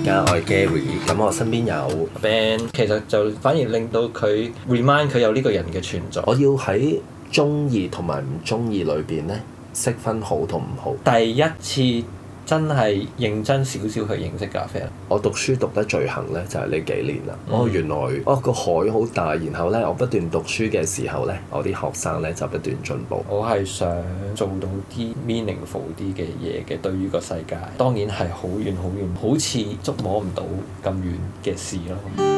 而家我 Gary，咁我身邊有 band 其實就反而令到佢 remind 佢有呢個人嘅存在。我要喺中意同埋唔中意裏邊呢，識分好同唔好。第一次。真係認真少少去認識咖啡。我讀書讀得最行呢就係、是、呢幾年啦，嗯。哦，原來哦個海好大，然後呢，我不斷讀書嘅時候呢，我啲學生呢就不斷進步。我係想做到啲 meaningful 啲嘅嘢嘅，對於個世界，當然係好遠好遠，好似捉摸唔到咁遠嘅事咯。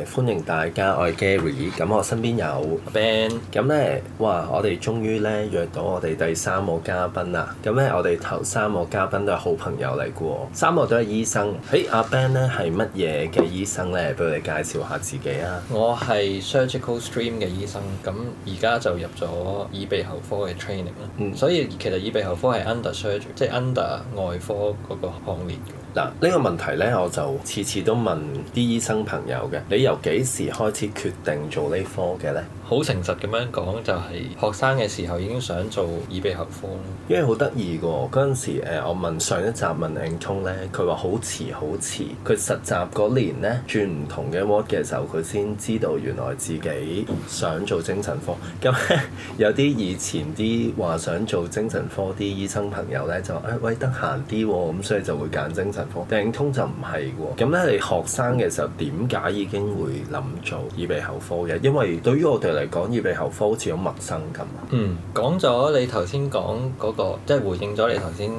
歡迎大家，我係 Gary，咁我身邊有 Ben，咁咧哇，我哋終於咧約到我哋第三個嘉賓啦，咁咧我哋頭三個嘉賓都係好朋友嚟嘅喎，三個都係醫生。喺、哎、阿、啊、Ben 咧係乜嘢嘅醫生咧？畀你介紹下自己啊。我係 surgical stream 嘅醫生，咁而家就入咗耳鼻喉科嘅 training 啦，嗯、所以其實耳鼻喉科係 under surgery，即係 under 外科嗰個行列。嗱呢個問題咧，我就次次都問啲醫生朋友嘅，你由幾時開始決定做呢科嘅咧？好誠實咁樣講，就係、是、學生嘅時候已經想做耳鼻喉科咯，因為好得意嘅喎。嗰陣時誒我問上一集問定通咧，佢話好遲好遲。佢實習嗰年咧轉唔同嘅 work 嘅時候，佢先知道原來自己想做精神科。咁 有啲以前啲話想做精神科啲醫生朋友咧，就、哎、誒喂得閒啲喎，咁所以就會揀精神科。定通就唔係喎。咁咧你學生嘅時候點解已經會諗做耳鼻喉科嘅？因為對於我哋嚟～講耳鼻喉科好似好陌生咁。嗯，講咗你頭先講嗰、嗰個，即係回應咗你頭先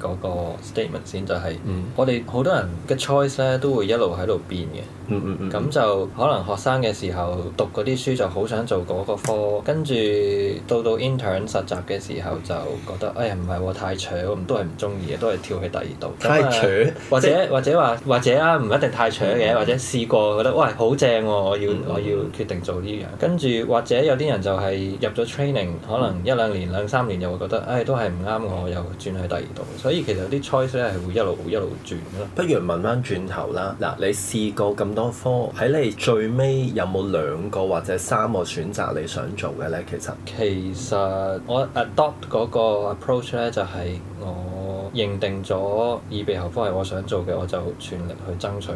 嗰個 statement 先，就係、係，嗯、我哋好多人嘅 choice 咧都會一路喺度變嘅。咁、嗯嗯、就可能學生嘅時候讀啲書就好想做嗰個科，跟住到到 intern 實習嘅時候就覺得，哎呀唔係喎，太搶，都係唔中意嘅，都係跳去第二度。太搶？或者或者話或者啊，唔一定太搶嘅，嗯、或者試過覺得，喂好正喎、哦，我要、嗯、我要決定做呢樣，跟住或者有啲人就係入咗 training，可能一兩年兩三年又會覺得，嗯、哎，都係唔啱我，又轉去第二度。所以其實啲 choice 咧係會一路一路轉嘅。不如問翻轉頭啦，嗱，你試過咁多？科喺你最尾有冇兩個或者三個選擇你想做嘅呢？其實其實我 adopt 嗰個 approach 呢，就係、係、我認定咗耳鼻喉科係我想做嘅，我就全力去爭取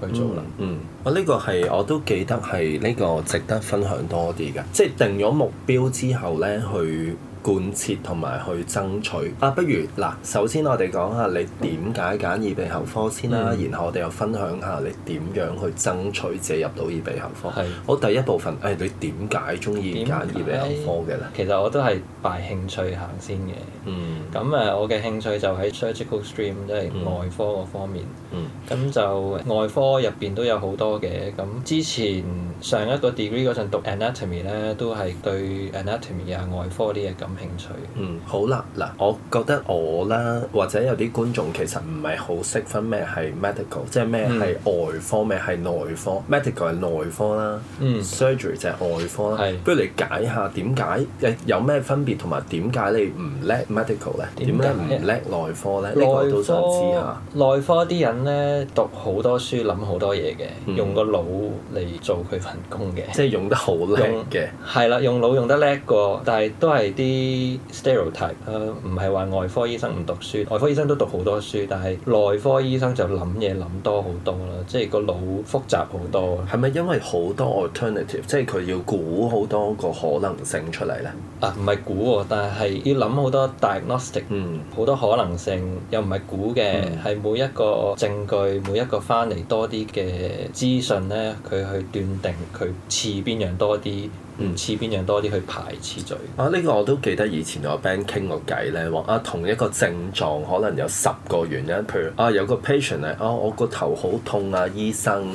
去做啦、嗯。嗯，我呢個係我都記得係呢個值得分享多啲嘅，即係定咗目標之後呢去。貫徹同埋去爭取啊！不如嗱，首先我哋講下你點解揀耳鼻喉科先啦、啊，嗯、然後我哋又分享下你點樣去爭取借入到耳鼻喉科。是好，第一部分誒、哎，你點解中意揀耳鼻喉科嘅咧？其實我都係擺興趣行先嘅。咁誒、嗯，我嘅興趣就喺 surgical stream，即係外科嗰方面。咁、嗯嗯、就外科入邊都有好多嘅。咁之前上一個 degree 嗰陣讀 anatomy 咧，都係對 anatomy 又係外科啲嘢咁。興趣，嗯，好啦，嗱，我覺得我啦，或者有啲觀眾其實唔係好識分咩係 medical，即係咩係外科，咩係、嗯、內科，medical 係內科啦，surgery、嗯、就係外科啦，嗯、不如你解、解下點解、嗯啊，有咩分別，同埋點解你唔叻 medical 咧？點解唔叻內科咧？呢個都想知下內。內科啲人咧，讀好多書，諗好多嘢嘅，嗯、用個腦嚟做佢份工嘅，即係用得好叻嘅。係啦，用腦用得叻過，但係都係啲。啲 stereotype 唔、呃、係話外科醫生唔讀書，外科醫生都讀好多書，但係內科醫生就諗嘢諗多好多啦，即係個腦複雜好多。係咪因為好多 alternative，即係佢要估好多個可能性出嚟呢？啊，唔係估喎，但係要諗好多 diagnostic，好、嗯、多可能性又唔係估嘅，係、嗯、每一個證據每一個翻嚟多啲嘅資訊呢，佢去斷定佢似邊樣多啲。唔似邊樣多啲去排次序啊！呢、這個我都記得以前我班傾過偈，咧，話啊，同一個症狀可能有十個原因，譬如啊，有個 patient 嚟啊，我個頭好痛啊，醫生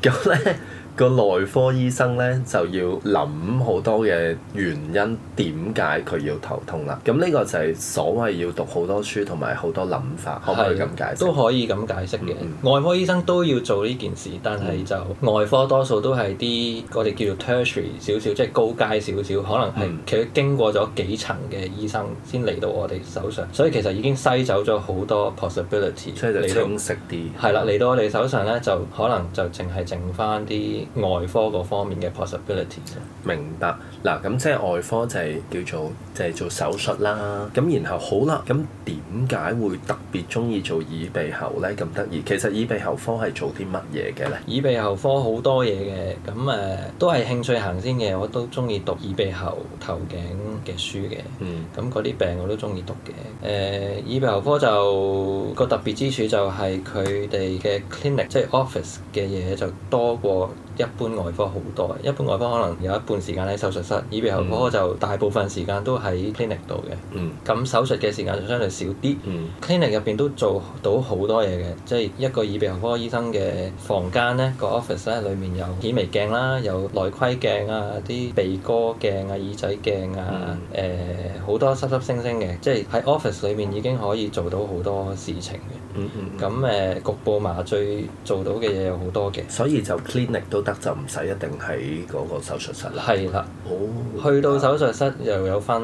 咁咧。 個內科醫生咧就要諗好多嘅原因，點解佢要頭痛啦？咁呢個就係所謂要讀好多書同埋好多諗法，是可唔可以咁解釋？都可以咁解釋嘅。嗯、外科醫生都要做呢件事，但係就、嗯、外科多數都係啲我哋叫做 tertiary 少少，嗯、即係高階少少，可能係佢經過咗幾層嘅醫生先嚟到我哋手上，嗯、所以其實已經篩走咗好多 possibility。所以就清晰啲。係啦，嚟到我哋手上咧，就可能就淨係剩翻啲。外科嗰方面嘅 possibility，明白嗱，咁即係外科就係叫做就係、是、做手術啦，咁然後好啦，咁點解會特別中意做耳鼻喉呢？咁得意，其實耳鼻喉科係做啲乜嘢嘅呢？耳鼻喉科好多嘢嘅，咁誒、呃、都係興趣行先嘅，我都中意讀耳鼻喉頭頸嘅書嘅，咁嗰啲病我都中意讀嘅。誒、呃，耳鼻喉科就個特別之處就係佢哋嘅 clinic，即係 office 嘅嘢就多過一般外科好多，一般外科可能有一半時間喺手術室，耳鼻喉科、嗯、就大部分時間都喺 clinic 度嘅。咁、嗯、手術嘅時間就相對少啲。嗯、clinic 入邊都做到好多嘢嘅，即係一個耳鼻喉科醫生嘅房間咧，個 office 咧，裏面有顯微鏡啦，有內窺鏡啊，啲鼻哥鏡啊，耳仔鏡啊，誒好、嗯呃、多濕濕星星嘅，即係喺 office 裏面已經可以做到好多事情嘅。咁誒、嗯嗯呃、局部麻醉做到嘅嘢有好多嘅，所以就 clinic 都。得就唔使一定喺嗰個手術室啦。係啦的，哦、去到手術室又有分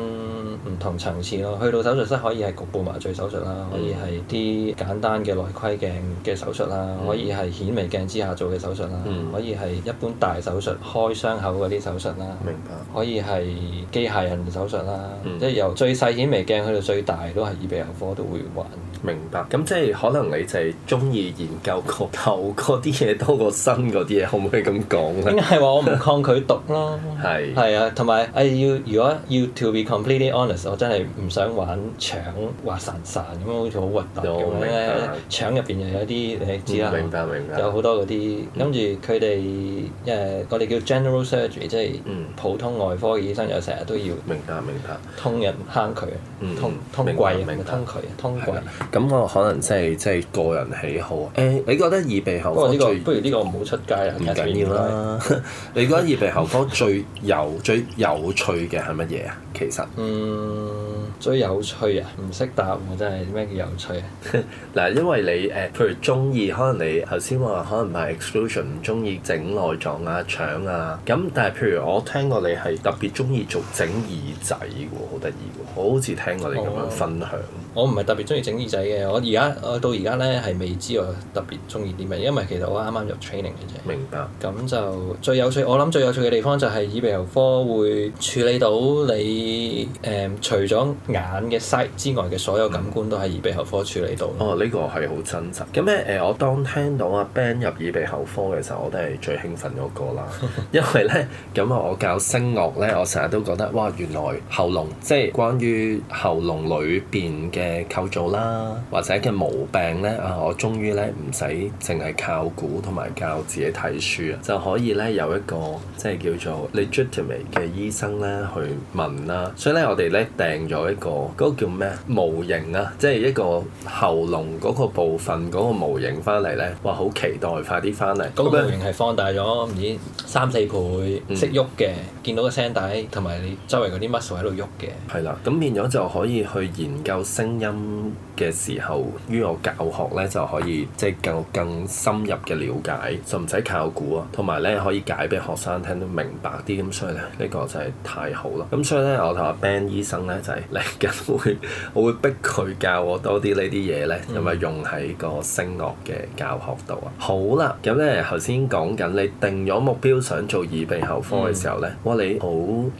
唔同層次咯。去到手術室可以係局部麻醉手術啦，嗯、可以係啲簡單嘅內窺鏡嘅手術啦，嗯、可以係顯微鏡之下做嘅手術啦，嗯、可以係一般大手術開傷口嗰啲手術啦。明白。可以係機械人手術啦，即係、嗯、由最細顯微鏡去到最大都係耳鼻喉科都會玩。明白，咁即係可能你就係中意研究個頭嗰啲嘢多過身嗰啲嘢，可唔可以咁講咧？應該係話我唔抗拒讀咯，係係啊，同埋誒要如果要 to be completely honest，我真係唔想玩腸滑潺潺咁樣，好似好核突咁咧。腸入邊又有啲你知啦，明白，明白。有好多嗰啲，跟住佢哋誒我哋叫 general surgery，即係普通外科醫生，又成日都要明白，明白，通人坑佢，通通貴啊，通佢通貴。咁我、嗯、可能即係即係個人喜好啊、欸！你覺得耳鼻喉科？不過呢個不如呢個唔好出街啊，唔緊要啦。其實 啊、你覺得耳鼻喉科最有 最有趣嘅係乜嘢啊？其實嗯，最有趣啊，唔識答我真係咩叫有趣啊？嗱， 因為你誒，譬如中意，可能你頭先話可能係 exclusion，唔中意整內臟啊、腸啊，咁但係譬如我聽過你係特別中意做整耳仔喎，好得意喎，我好似聽過你咁樣分享。哦、我唔係特別中意整耳仔。我而家我到而家咧係未知我特別中意啲咩，因為其實我啱啱入 training 嘅啫。明白。咁就最有趣，我諗最有趣嘅地方就係耳鼻喉科會處理到你誒、嗯，除咗眼嘅 sight 之外嘅所有感官都喺耳鼻喉科處理到。哦，呢、這個係好真實。咁咧誒，我當聽到阿 Ben 入耳鼻喉科嘅時候，我都係最興奮嗰個啦， 因為咧咁啊，我教聲樂咧，我成日都覺得哇，原來喉嚨即係關於喉嚨裏邊嘅構造啦。或者嘅毛病咧啊，我終於咧唔使淨係靠估同埋靠自己睇書啊，就可以咧有一個即係叫做 legitimate 嘅醫生咧去問啦。所以咧我哋咧訂咗一個嗰、嗰個叫咩模型啊，即係一個喉嚨嗰個部分嗰個模型翻嚟咧，哇好期待快啲翻嚟。嗰個模型係放大咗唔知三四倍，識喐嘅，嗯、見到個聲帶同埋你周圍嗰啲 muscle 喺度喐嘅。係啦，咁變咗就可以去研究聲音嘅。時候於我教學咧就可以即係更更深入嘅了解，就唔使靠估啊，同埋咧可以解俾學生聽得明白啲咁，所以咧呢、呢個就係太好咯。咁所以咧，我同阿 Ben 醫生咧就係嚟緊會 我會逼佢教我多啲呢啲嘢咧，咁咪用喺個聲樂嘅教學度啊？嗯、好啦，咁咧頭先講緊你定咗目標想做耳鼻喉科嘅時候咧，嗯、哇！你好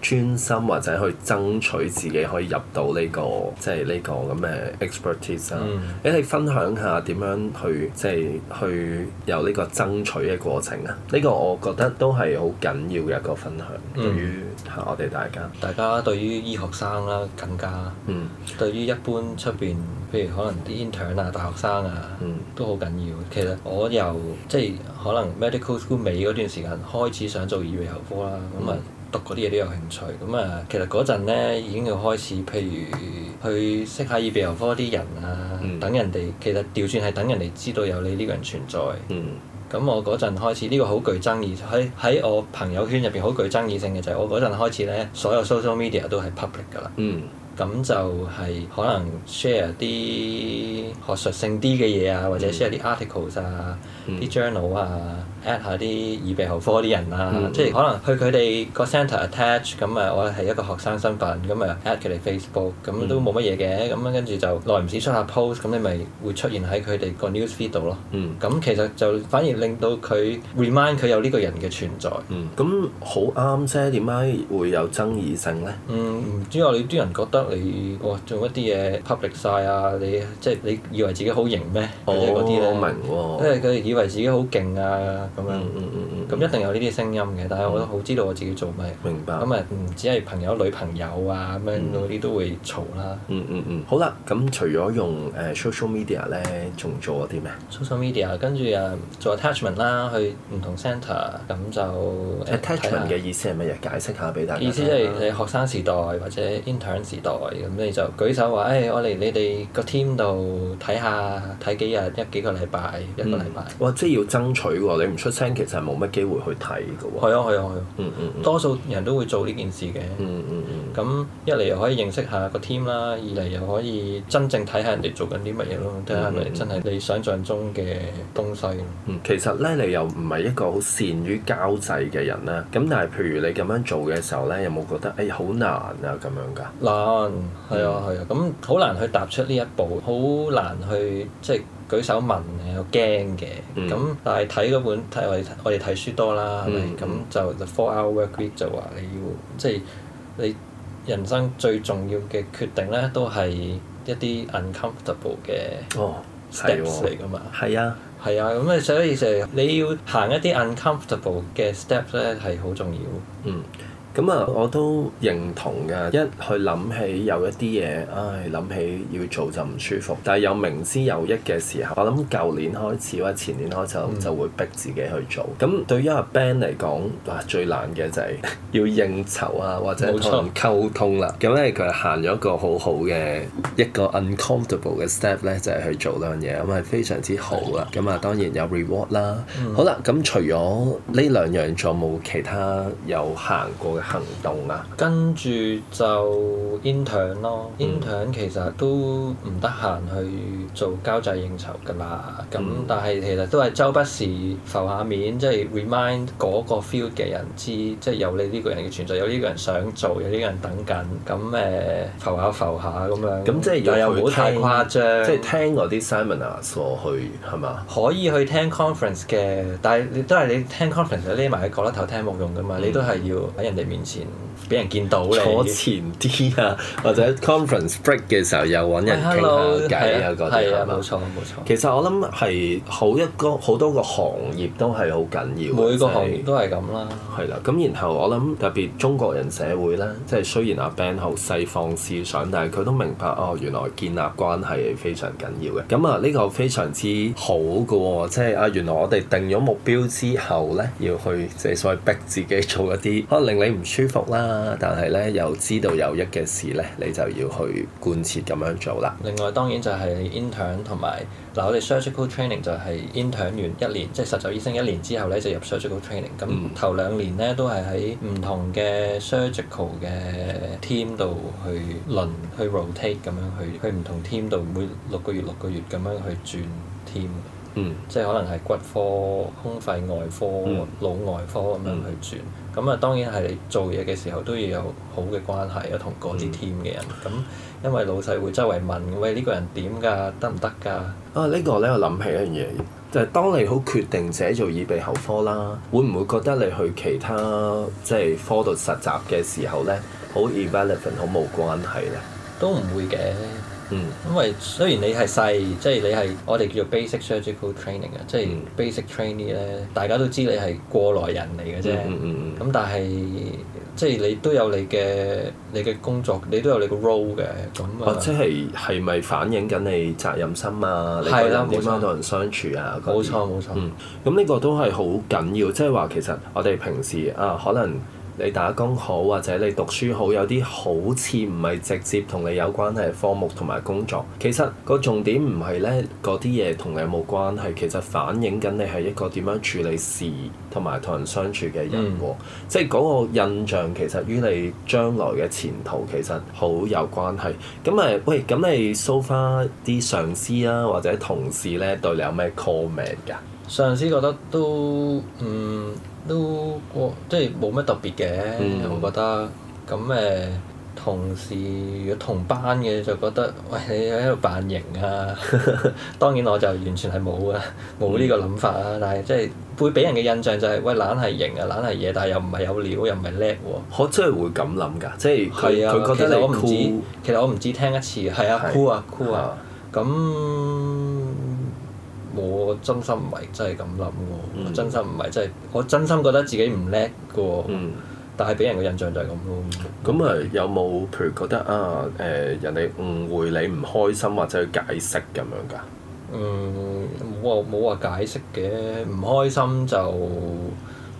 專心或者去爭取自己可以入到呢、呢個即係呢個咁嘅 expertise。誒，嗯、你分享下點樣去即係、就是、去有呢個爭取嘅過程啊？呢、呢個我覺得都係好緊要嘅一個分享，嗯、對於我哋大家。大家對於醫學生啦、啊，更加、嗯、對於一般出邊，譬如可能啲 intern 啊、大學生啊，嗯、都好緊要。其實我由即係可能 medical school 尾嗰段時間開始想做耳鼻喉科啦，咁啊、嗯。讀嗰啲嘢都有興趣，咁啊，其實嗰陣咧已經要開始，譬如去識下耳鼻喉科啲人啊，嗯、等人哋其實調轉係等人哋知道有你呢個人存在。咁、嗯、我嗰陣開始，呢、呢個好具爭議。喺喺我朋友圈入邊好具爭議性嘅就係、係、我嗰陣開始咧，所有 social media 都係 public 噶啦。咁、嗯、就係可能 share 啲學術性啲嘅嘢啊，或者 share 啲 articles 啊，啲、嗯嗯、journal 啊。add 下啲耳鼻喉科啲人啊，嗯、即係可能去佢哋個 center attach 咁啊，我係一個學生身份，咁啊 add 佢哋 Facebook，咁都冇乜嘢嘅，咁啊跟住就耐唔時出下 post，咁你咪會出現喺佢哋個 newsfeed 度咯。咁、嗯、其實就反而令到佢 remind 佢有呢個人嘅存在。咁好啱啫，點解會有爭議性呢？唔知我哋啲人覺得你做一啲嘢 public 曬啊，你即係你以為自己好型咩？哦，我明喎、哦。因為佢哋以為自己好勁啊！咁樣，嗯嗯嗯，咁、嗯嗯、一定有呢啲聲音嘅，但係、嗯、我都好知道我自己做咩，明白，咁咪唔止係朋友女朋友啊咁樣嗰啲都會嘈啦。嗯嗯嗯，好啦，咁除咗用 social media 咧，仲做咗啲咩？social media 跟住誒做 attachment 啦，去唔同 centre，e 咁就 attachment 嘅、呃、意思係乜嘢？解釋下俾大家？意思係你學生時代或者 intern 時代咁你就舉手話誒、哎，我嚟你哋個 team 度睇下睇幾日一幾個禮拜一個禮拜、嗯。哇！即係要爭取喎，你唔？出聲其實冇乜機會去睇嘅喎。係啊，係啊，係啊。嗯嗯 多數人都會做呢件事嘅、嗯。嗯嗯嗯。咁一嚟又可以認識下個 team 啦，二嚟又可以真正睇下人哋做緊啲乜嘢咯，睇下係咪真係你想像中嘅東西、嗯嗯嗯嗯、其實咧你又唔係一個好善於交際嘅人啦。咁但係譬如你咁樣做嘅時候咧，有冇覺得誒好、哎、難啊咁樣㗎？難，係啊係啊。咁好、啊啊嗯嗯嗯嗯、難去踏出呢一步，好難去即係。舉手問有驚嘅，咁、mm. 但係睇嗰本，睇我哋睇我哋睇書多啦，係咪、mm？咁、hmm. 就 The Four Hour Work Week 就話你要，即係你人生最重要嘅決定咧，都係一啲 uncomfortable 嘅哦 steps 嚟㗎嘛。係、哦、啊，係啊，咁你所以就你要行一啲 uncomfortable 嘅 step 咧，係好重要。嗯。Mm. 咁啊，我都認同㗎。一去諗起有一啲嘢，唉，諗起要做就唔舒服。但係有明知有益嘅時候，我諗舊年開始或者前年開始就、嗯、就會逼自己去做。咁對於阿 Ben 嚟講嗱最難嘅就係要應酬啊，或者同人溝通啦、啊。咁咧佢行咗一個好好嘅一個 uncomfortable 嘅 step 咧，就係、是、去做呢樣嘢，咁係非常之好啦。咁啊，當然有 reward 啦。嗯、好啦，咁除咗呢兩樣仲有冇其他有行過嘅？行動啊，跟住就 intern 咯、嗯、intern 其實都唔得閒去做交際應酬噶啦，咁、嗯、但係其實都係周不時浮下面，即、就、係、是、remind 嗰個 field 嘅人知，即、就、係、是、有你呢個人嘅存在，有呢個人想做，有呢個人等緊，咁、嗯、誒浮下浮下咁樣。咁即係又唔好太誇張，即係、嗯、聽嗰啲、就是、seminar 去係嘛？可以去聽 conference 嘅，但係你，你，、嗯、你都係你聽 conference，你匿埋喺角落頭聽冇用㗎嘛，你都係要喺人哋。面前俾人見到你坐前啲啊，或者 conference break 嘅時候又揾人傾下偈，有嗰啲係冇錯冇錯。其實我諗係好一個好多個行業都係好緊要，每個行業都係咁啦。係啦，咁然後我諗特別中國人社會咧，即係雖然阿 Ben 好西方思想，但係佢都明白哦，原來建立關係非常緊要嘅。咁啊，呢個非常之好噶喎，即係啊，原來我哋定咗目標之後咧，要去即係所謂逼自己做一啲可能令你，唔舒服啦，但係咧又知道有益嘅事咧，你就要去貫徹咁樣做啦。另外當然就係 intern 同埋嗱、啊，我哋 surgical training 就係 intern 完一,一年，即係實習醫生一年之後咧就入 surgical training。咁頭兩年咧、嗯、都係喺唔同嘅 surgical 嘅 team 度去輪去 rotate 咁樣去去唔同 team 度，每六個月六個月咁樣去轉 team。嗯，即係可能係骨科、胸肺外科、嗯、腦外科咁樣去轉。嗯嗯。咁啊，當然係做嘢嘅時候都要有好嘅關係啊，同嗰支 team 嘅人。咁、嗯、因為老細會周圍問，喂呢、呢個人點㗎？得唔得㗎？啊，呢、呢個咧我諗起一樣嘢，就係、係、當你好決定寫做耳鼻喉科啦，會唔會覺得你去其他即係科度實習嘅時候咧，好 irrelevant 好冇關係咧？都唔會嘅。嗯，因為雖然你係細，即係你係我哋叫做 basic surgical training 啊，即係 basic training 咧，大家都知你係過來人嚟嘅啫。嗯嗯嗯。咁但係，即係你都有你嘅你嘅工作，你都有你個 role 嘅。咁啊。或者係係咪反映緊你責任心啊？係啦。點樣同人相處啊？冇錯冇錯。咁呢個都係好緊要，即係話其實我哋平時啊，可能。你打工好或者你讀書好，有啲好似唔係直接同你有關嘅科目同埋工作。其實個重點唔係咧，嗰啲嘢同你有冇關係。其實反映緊你係一個點樣處理事同埋同人相處嘅人喎。嗯、即係嗰個印象其實於你將來嘅前途其實好有關係。咁誒，喂，咁你 so far 啲上司啊或者同事咧對你有咩 comment 㗎？上司覺得都嗯。都過即係冇乜特別嘅，我、嗯、覺得。咁誒同事如果同班嘅就覺得，喂，你喺度扮型啊！ 當然我就完全係冇啊，冇呢個諗法啊。但係即係會俾人嘅印象就係、是，喂，懶係型啊，懶係嘢，但係又唔係有料，又唔係叻喎。可真係會咁諗㗎？即係佢佢覺得我唔知。其實我唔知聽一次，係啊 cool 啊，cool 啊，咁、啊。我真心唔係真係咁諗嘅，嗯、我真心唔係真係，我真心覺得自己唔叻嘅，嗯、但係俾人嘅印象就係咁咯。咁係有冇？譬如覺得啊，誒、呃、人哋誤會你唔開心或者去解釋咁樣㗎，嗯？嗯，冇話冇話解釋嘅，唔開心就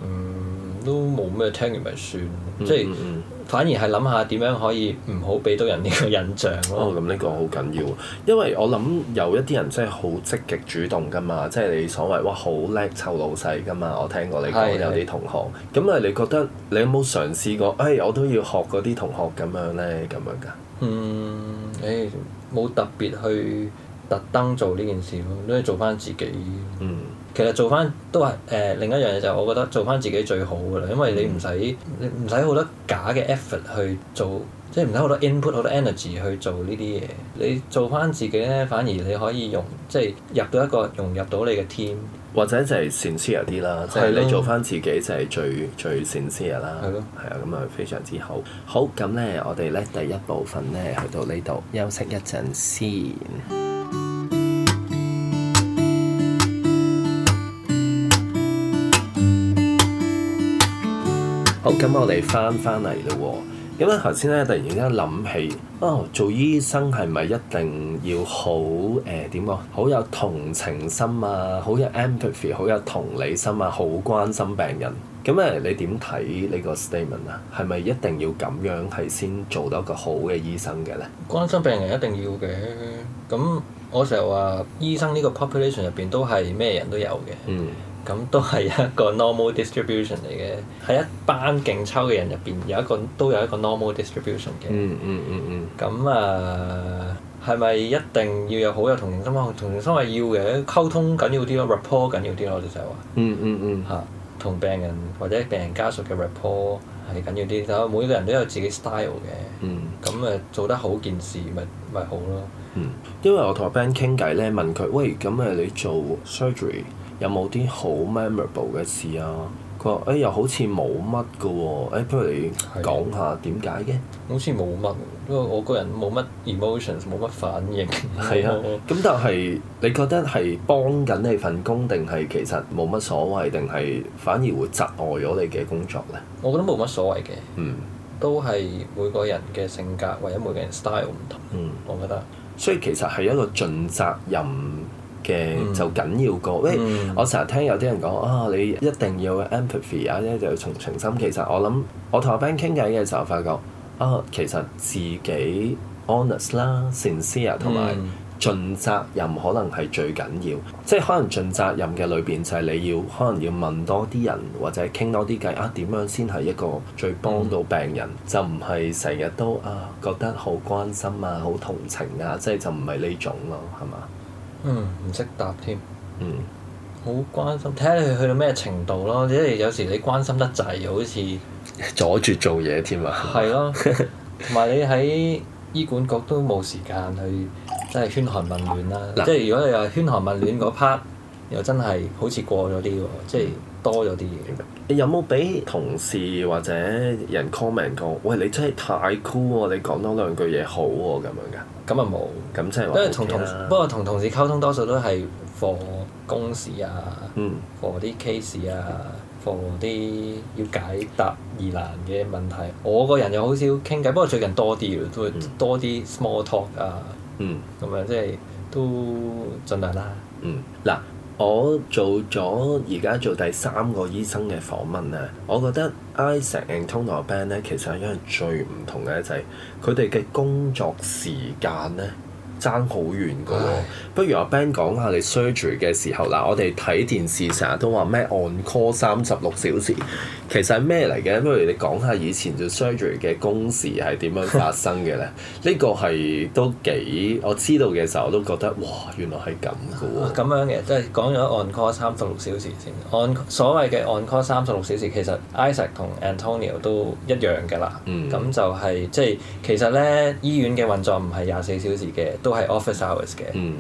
嗯都冇咩，聽完咪算，即係、嗯。嗯嗯反而係諗下點樣可以唔好俾到人呢個印象咯。哦，咁呢個好緊要，因為我諗有一啲人真係好積極主動噶嘛，即係你所謂哇好叻湊老細噶嘛，我聽過你講，係，有啲同學。咁啊，係，你覺得你有冇嘗試過？誒、哎，我都要學嗰啲同學咁樣咧，咁樣㗎。嗯，誒、哎、冇特別去特登做呢件事咯，都係做返自己。嗯。其實做翻，都話誒、呃、另一樣嘢就係我覺得做翻自己最好嘅啦，因為你唔使唔使好多假嘅 effort 去做，即係唔使好多 input 好多 energy 去做呢啲嘢。你做翻自己呢，反而你可以用即係、就是、入到一個融入到你嘅 team，或者就係 sincere 啲啦，即係你做翻自己就係最最 sincere 嘅啦。係咯，係啊，咁啊非常之好。好，咁呢，我哋呢第一部分呢，去到呢度休息一陣先。好，咁我哋翻翻嚟咯喎。咁啊，頭先咧突然之間諗起，哦，做醫生係咪一定要好誒？點、呃、講？好有同情心啊，好有 empathy，好有同理心啊，好關心病人。咁誒，你點睇呢個 statement 啊？係咪一定要咁樣係先做到一個好嘅醫生嘅咧？關心病人一定要嘅。咁我成日話，醫生呢個 population 入邊都係咩人都有嘅。嗯。咁都係一個 normal distribution 嚟嘅，喺一班勁抽嘅人入邊有一個都有一個 normal distribution 嘅、嗯。嗯嗯嗯嗯。咁啊，呃、係咪一定要有好有同情心啊？同情心係要嘅，溝通緊要啲咯，report 緊要啲咯，我就就話、嗯。嗯嗯嗯。嚇，同病人或者病人家屬嘅 report 係緊要啲，但每個人都有自己 style 嘅。咁啊、嗯，做得好件事咪咪好咯、嗯。因為我同阿 Ben 傾偈咧，問佢：，喂，咁啊，你做 surgery？有冇啲好 memorable 嘅事啊？佢話：，誒、哎、又好似冇乜㗎喎，誒、哎、不如你講下點解嘅？好似冇乜，因為我個人冇乜 emotions，冇乜反應。係啊 的，咁 但係你覺得係幫緊你份工，定係其實冇乜所謂，定係反而會窒礙咗你嘅工作咧？我覺得冇乜所謂嘅。嗯。都係每個人嘅性格或者每個人 style 唔同。嗯，我覺得。所以其實係一個盡責任。嘅 de,、嗯、就緊要過，喂、嗯！我成日聽有啲人講啊、哦，你一定要 empathy 啊，一定要同情心。其實我諗，我同阿 Ben 傾偈嘅時候，發覺啊、哦，其實自己 honest 啦、誠實同埋盡責任可能係最緊要。即係、嗯、可能盡責任嘅裏邊，就係你要可能要問多啲人，或者傾多啲計啊，點樣先係一個最幫到病人？嗯、就唔係成日都啊覺得好關心啊、好同情啊，即係就唔係呢種咯，係嘛？嗯，唔識答添，嗯，好關心，睇下你去到咩程度咯。即係有時你關心得滯，又好似阻住做嘢添啊。係咯了，同埋 你喺醫管局都冇時間去，真係噓寒問暖啦。喇即係如果你又係噓寒問暖嗰 part，又真係好似過咗啲喎，即係多咗啲嘢。你有冇俾同事或者人 comment 過？喂，你真係太 cool 喎，你講多兩句嘢好喎，咁樣㗎？咁啊冇，咁。即係，因為同同 Okay. 不過同同事溝通多數都係 for 公事啊、嗯、，for 啲 case 啊、嗯、，for 啲要解答疑難嘅問題。我個人又好少傾偈，不過最近多啲都會多啲 small talk 啊，咁樣、嗯，即係、就是、都盡量啦。嗯，嗱。我做咗而家做第三個醫生嘅訪問咧，我覺得 i c e a n c tonga band 咧，其實係一樣最唔同嘅就係佢哋嘅工作時間咧。爭好遠嘅喎。哦，唉不如阿 Ben 講下你 surgery 嘅時候嗱，我哋睇電視成日都話咩 on call 三十六小時，其實係咩嚟嘅？不如你講下以前就 surgery 嘅工時係點樣發生嘅咧？呢 個係都幾我知道嘅時候，我都覺得哇，原來係咁嘅喎。咁、啊、樣嘅，即係講咗 on call 三十六小時先。on 所謂嘅 on call 三十六小時，其實 Isaac 同 Antonio 都一樣嘅啦。嗯。咁就係、是、即係其實咧，醫院嘅運作唔係廿四小時嘅。都係 office hours 嘅，咁、嗯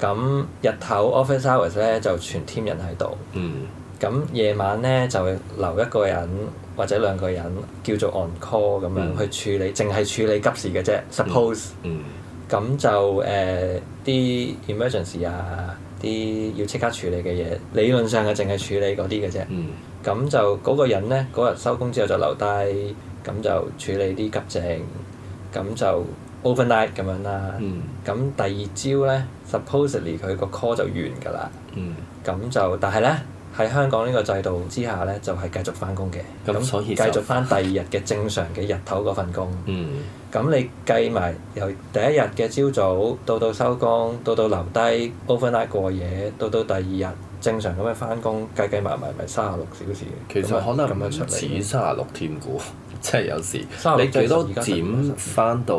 嗯、日頭 office hours 咧就全 team 人喺度，咁夜、嗯嗯、晚咧就留一個人或者兩個人叫做 on call 咁樣、嗯、去處理，淨係處理急事嘅啫。Suppose，咁、嗯嗯、就誒啲、uh, emergency 啊，啲要即刻處理嘅嘢，理論上係淨係處理嗰啲嘅啫。咁、嗯嗯、就嗰個人咧嗰日收工之後就留低，咁就處理啲急症，咁就。overnight 咁樣啦，咁、嗯、第二朝呢 supposedly 佢個 call 就完㗎啦，咁、嗯、就但係呢，喺香港呢個制度之下呢，就係、是、繼續翻工嘅，咁繼續翻第二日嘅正常嘅日頭嗰份工，咁、 嗯、你計埋由第一日嘅朝早到到收工，到到留低 overnight 過夜，到到第二日正常咁樣翻工，計計埋埋咪三十六小時，其實，其實可能咁樣出嚟似三十六天股。即係有 36 時、就是，你幾多點翻到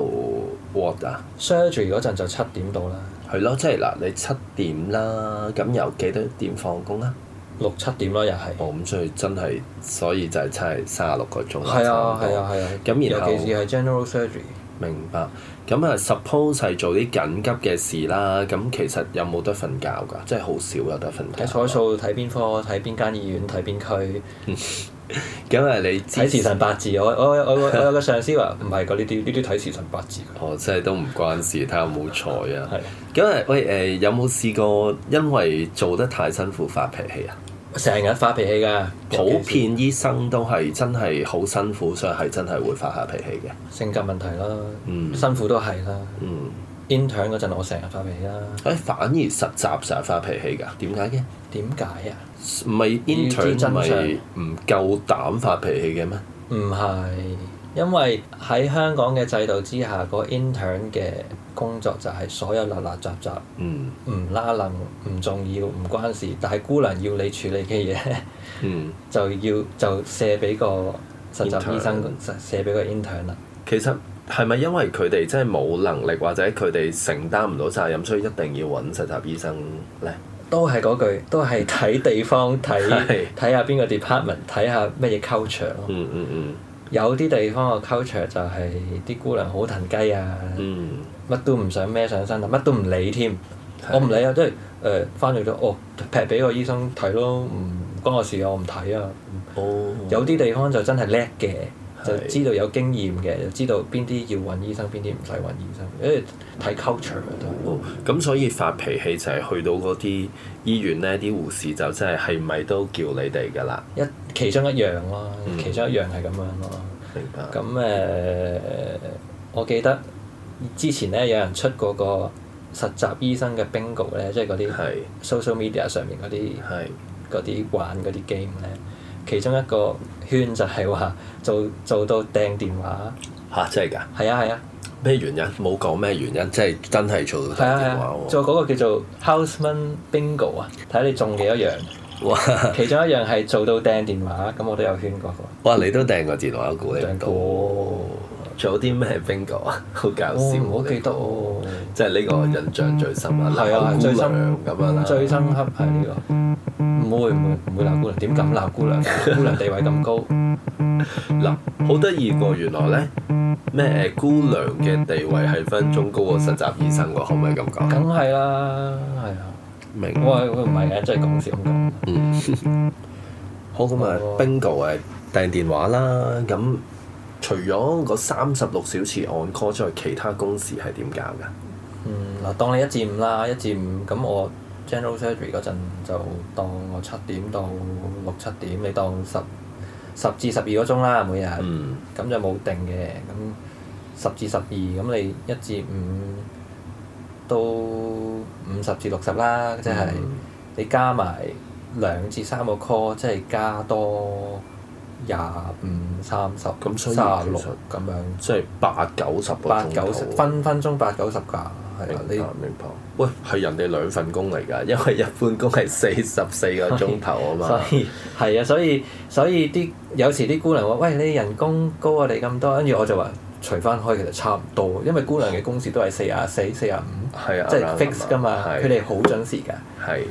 work 啊？Surgery 嗰陣就七點到啦。係咯，即係嗱，你七點啦，咁又幾多點放工啊？六七點啦，又係。哦，咁所以真係，所以就係真係三十六個鐘。係啊，係多啊，係啊。咁而、啊、後尤其是係 general surgery。明白。咁啊，suppose 係做啲緊急嘅事啦，咁其實有冇得瞓覺㗎？即係好少有得瞓覺。睇彩數，睇邊科，睇邊間醫院，睇邊區。 咁啊、 嗯！你睇時辰八字，我我我我有個上司話唔係個呢啲，呢啲睇時辰八字。哦，即係都唔關事，睇下有冇財啊。係 的。咁啊，喂誒，有冇試過因為做得太辛苦發脾氣啊？成日發脾氣㗎，普遍醫生都係真係好辛苦，所以係真係會發下脾氣嘅。性格問題啦，嗯，辛苦都係啦，嗯。intern 嗰陣我成日發脾氣啦、啊，喺、哎、反而實習成日發脾氣噶，點解嘅？點解啊？唔係 intern 真係唔夠膽發脾氣嘅咩？唔係，因為喺香港嘅制度之下，個 intern 嘅工作就係所有垃垃雜雜，嗯，唔拉冧，唔重要，唔關事，但係姑娘要你處理嘅嘢， 嗯，就要就卸俾個實習醫生，卸俾 Intern 個 intern 啦、啊。其實。係咪因為佢哋真係冇能力或者佢哋承擔唔到責任，所以一定要揾實習醫生咧？都係嗰句，都係睇地方，睇睇 下邊個 department，睇下乜嘢 culture 咯。嗯嗯嗯、有啲地方個 culture 就係、是、啲姑娘好騰雞啊，乜、嗯、都唔想孭上身，乜都唔理添。是我唔理啊，即係誒翻去咗，哦，劈俾個醫生睇咯，唔關我事啊，我唔睇啊。哦、有啲地方就真係叻嘅。就知道有經驗嘅，就知道邊啲要揾醫生，邊啲唔使揾醫生。誒，睇 culture 啊，都係。哦，咁所以發脾氣就係去到嗰啲醫院咧，啲護士就真係係咪都叫你哋㗎啦？一其中一樣咯，嗯、其中一樣係咁樣咯。明白。咁誒、呃，我記得之前咧，有人出嗰個實習醫生嘅 bingo 咧，即係嗰啲 social media 上面嗰啲，嗰啲是玩嗰啲 game 咧。其中一個圈就係話做做到掟電話吓，啊？真係㗎，係啊，係啊。咩原因？冇講咩原因，即係真係做到。係啊，係啊。做嗰個叫做 Houseman Bingo 啊，睇你中幾多樣，哇其中一樣係做到掟電話。咁我都有圈過哇。你都掟過電話？估你唔到做啲咩 bingo 啊？好搞笑！我記得我即係呢個印象最深啦，鬧姑娘咁樣啦，最深刻係呢個。唔會唔會唔會鬧姑娘？點敢鬧姑娘？姑娘地位咁高嗱，好得意喎！原來咧咩誒姑娘嘅地位係分中高過實習醫生喎，可唔可以咁講？梗係啦，係啊，明。我係我唔係嘅，真係講笑咁講。嗯，好咁啊，bingo 啊，訂電話啦，咁。除咗嗰三十六小時 on call 之外，其他工時係點搞㗎？嗯，嗱，當你一至五啦，一至五，咁我 general surgery 嗰陣就當我七點到六七點，你當十十至十二個鐘啦，每日。嗯。咁就冇定嘅，咁十至十二，咁你一至五都五十至六十啦，即係，嗯、你加埋兩至三個 call，即係加多。廿五、三十、三十六咁樣，即係八九十八九十，分分鐘八九十㗎，係啦。明白，明白。喂，係人哋兩份工嚟㗎，因為一般工係四十四個鐘頭啊嘛。所以係啊，所以所以啲有時啲姑娘話：喂，你人工高我哋咁多，跟住我就話除返開其實差唔多，因為姑娘嘅工時都係四十四、四十五，係啊，即係 fixed 㗎嘛，佢哋好準時㗎，係。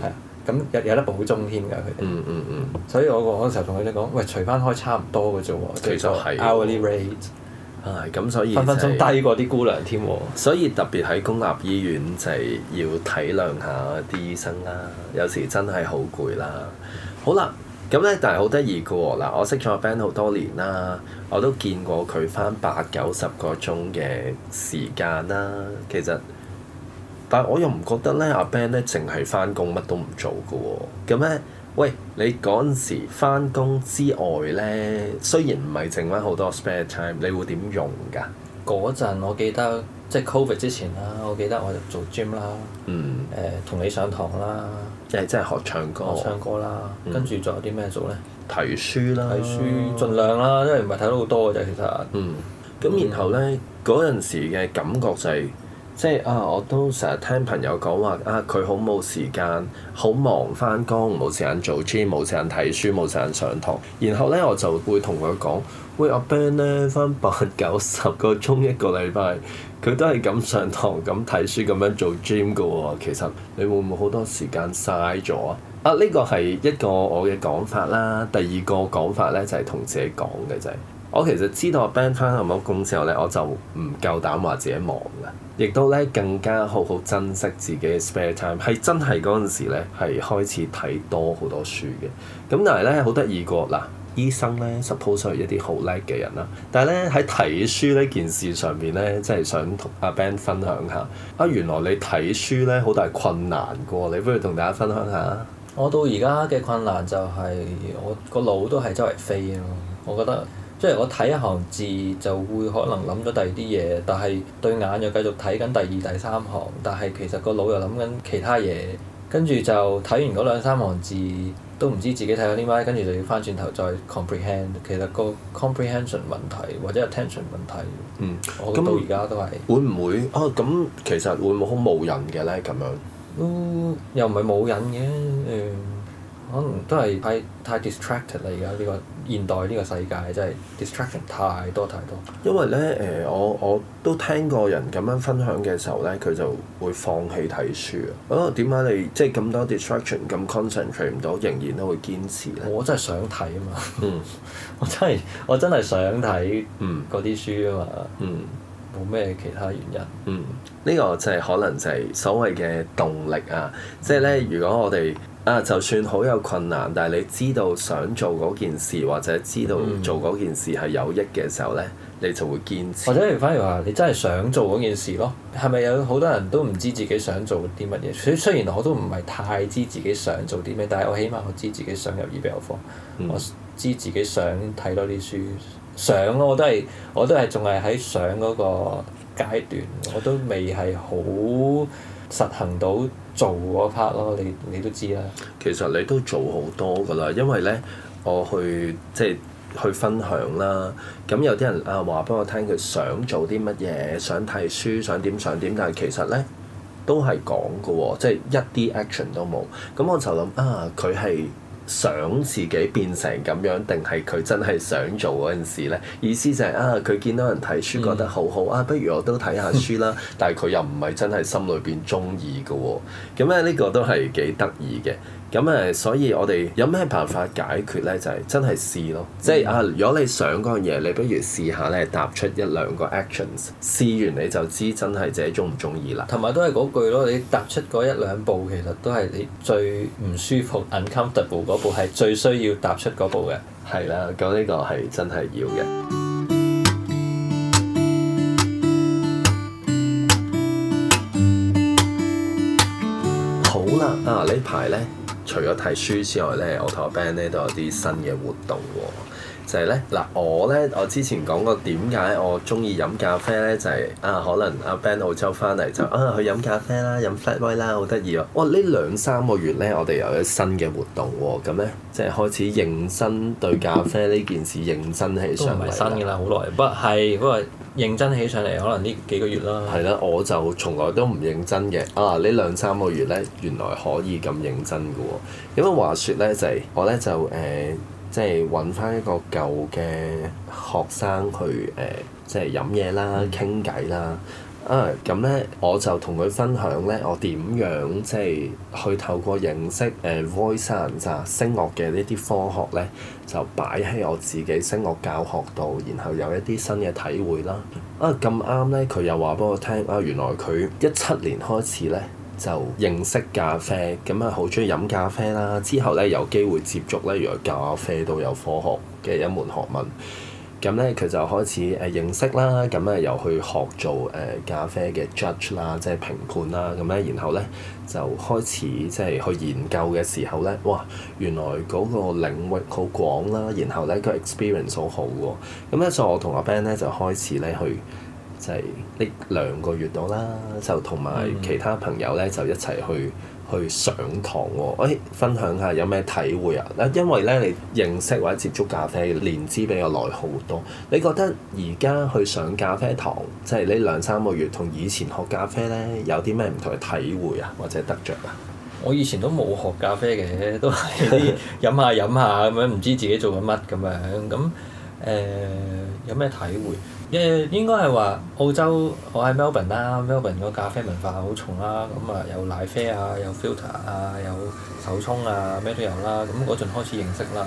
咁有有得補鐘添㗎佢哋。嗯嗯嗯，所以我嗰嗰時候同佢哋講，喂，除翻開差唔多嘅啫喎，即係、就是、hourly rate。啊，咁所以分分鐘、就是、低過啲姑娘添。 所以特別喺公立醫院就係要體諒下啲醫生啦，有時真係好攰啦。好啦，咁咧但係好得意嘅喎嗱，我識咗阿 Ben 好多年啦，我都見過佢翻八九十個鐘嘅時，時間啦，其實。但係我又唔覺得咧，阿 Ben 咧淨係翻工乜都唔做噶喎、哦。咁咧，喂，你嗰陣時翻工之外咧，雖然唔係剩翻好多 spare time，你會點用㗎？嗰陣我記得即係、就是、COVID 之前啦，我記得我就做 gym 啦，嗯，誒同、呃、你上堂啦，即係即係學唱歌，學唱歌啦，嗯、跟住仲有啲咩做咧？睇書啦，睇書，盡量啦，因為唔係睇到好多嘅啫，其實，嗯，咁然後咧，嗰陣時嘅感覺就係。即係啊！我都成日聽朋友講話啊，佢好冇時間，好忙返工，冇時間做 gym，冇時間睇書，冇時間上堂。然後咧，我就會同佢講：喂，阿 Ben 咧，返八九十個鐘一個禮拜，佢都係咁上堂、咁睇書、咁樣做 gym 噶喎。其實你會唔會好多時間嘥咗啊？呢、啊呢個係一個我嘅講法啦。第二個講法咧就係、係、同自己講嘅就係、係。我其實知道阿 Ben 翻咁多工之後咧，我就唔夠膽話自己忙啦，亦都咧更加好好珍惜自己嘅 spare time。係真係嗰陣時咧，係開始睇多好多書嘅。咁但係咧好得意個嗱，醫生咧 suppose 係一啲好叻嘅人啦，但係咧喺睇書呢件事上面咧，真係想同阿 Ben 分享下啊。原來你睇書咧好大困難嘅喎，你不如同大家分享下。我到而家嘅困難就係，係，我個腦都係周圍飛咯，我覺得。即係我睇一行字就會可能諗咗第二啲嘢，但係對眼又繼續睇緊第二、第三行，但係其實個腦又諗緊其他嘢，跟住就睇完嗰兩三行字都唔知自己睇緊啲咩。跟住就要翻轉頭再 comprehend。其實個 comprehension 問題，或者 attention 問題。嗯，我覺得到而家都係、嗯、會唔會啊？咁其實會唔會好冇癮嘅呢？咁樣都、嗯、又唔係冇癮嘅，誒、嗯，可能都係太太 distracted 嚟㗎呢個。現代呢個世界真係 distraction 太多太多。因為咧誒、呃，我我都聽過人咁樣分享嘅時候咧，佢就會放棄睇書啊。啊，點解你即係咁多 distraction，咁 concentrate 唔到，仍然都會堅持咧？我真係想睇啊嘛。嗯，我真係我真係想睇嗯嗰啲書啊嘛。嗯，冇咩其他原因。嗯，呢、這個就係可能就係所謂嘅動力啊。嗯、即係咧，如果我哋啊！就算好有困難，但係你知道想做嗰件事，或者知道做嗰件事係有益嘅時候咧，嗯、你就會堅持。或者係反而話，你真係想做嗰件事咯？係咪有好多人都唔知自己想做啲乜嘢？雖雖然我都唔係太知自己想做啲咩，但係我起碼我知自己想入耳鼻喉科，嗯、我知自己想睇多啲書，想咯，我都係，我都係仲係喺想嗰個階段，我都未係好實行到。做嗰 part 咯，你你都知啦。其實你都做好多噶啦，因為咧，我去即係去分享啦。咁有啲人啊話俾我聽，佢想做啲乜嘢，想睇書，想點想點，但係其實咧都係講㗎喎，即係一啲 action 都冇。咁我就諗啊，佢係想自己變成咁樣，定係佢真係想做嗰件事咧？意思就係、是、啊，佢見到人睇書覺得好好、嗯、啊，不如我都睇下書啦。 但係佢又唔係真係心裏邊中意嘅喎。咁咧，呢個都係幾得意嘅。咁誒，所以我哋有咩辦法解決呢？就係、是、真係試咯，嗯、即係啊！如果你想嗰樣嘢，你不如試下咧，踏出一兩個 actions，試完你就知真係自己鍾唔鍾意啦。同埋都係嗰句咯，你踏出嗰一兩步，其實都係你最唔舒服、uncomfortable 嗰步，係最需要踏出嗰步嘅。係啦，咁呢個係真係要嘅。 好啦，啊呢排呢。除咗睇書之外咧，我同阿 Ben 咧都有啲新嘅活動喎。就係咧，嗱，我咧我之前講過點解我中意飲咖啡咧，就係、是、啊，可能阿 Ben 澳洲翻嚟就啊去飲咖啡啦，飲 flat white 啦，好得意啊！哇、哦！呢兩三個月咧，我哋又有新嘅活動喎。咁、哦、咧，即係開始認真對咖啡呢件事認真起上嚟都唔係新嘅啦，好耐，不過係，不過。認真起上嚟，可能呢幾個月啦。係啦，我就從來都唔認真嘅。啊，呢兩三個月咧，原來可以咁認真嘅喎。咁話説咧，就係我咧就誒，即係揾翻一個舊嘅學生去誒，即係飲嘢啦、傾偈啦。啊，咁咧我就同佢分享咧，我點樣即係去透過認識誒 voice 人咋聲樂嘅呢啲科學咧，就擺喺我自己聲樂教學度，然後有一啲新嘅體會啦。啊咁啱咧，佢又話俾我聽啊，原來佢一七年開始咧就認識咖啡，咁啊好中意飲咖啡啦。之後咧有機會接觸咧，原來咖啡都有科學嘅一門學問。咁咧佢就開始誒認識啦，咁咧又去學做誒、呃、咖啡嘅 judge 啦，即係評判啦，咁咧然後咧就開始即係去研究嘅時候咧，哇！原來嗰個領域好廣啦，然後咧佢、那個、experience 好好、哦、喎，咁咧就我同阿 Ben 咧就開始咧去，就係呢兩個月到啦，就同埋其他朋友咧就一齊去。去上堂喎、哎，分享下有咩體會啊？嗱，因為咧你認識或者接觸咖啡，年資比較耐好多。你覺得而家去上咖啡堂，即係呢兩三個月，同以前學咖啡咧，有啲咩唔同嘅體會啊，或者得着啊？我以前都冇學咖啡嘅，都係啲飲下飲下咁樣，唔 知自己做緊乜咁樣。咁誒、呃，有咩體會？誒應該係話澳洲，我喺 Melbourne 啦、啊，Melbourne 個咖啡文化好重啦，咁啊有奶啡啊，有 filter 啊，有，filter，有手沖有啊，咩都有啦。咁嗰陣開始認識啦。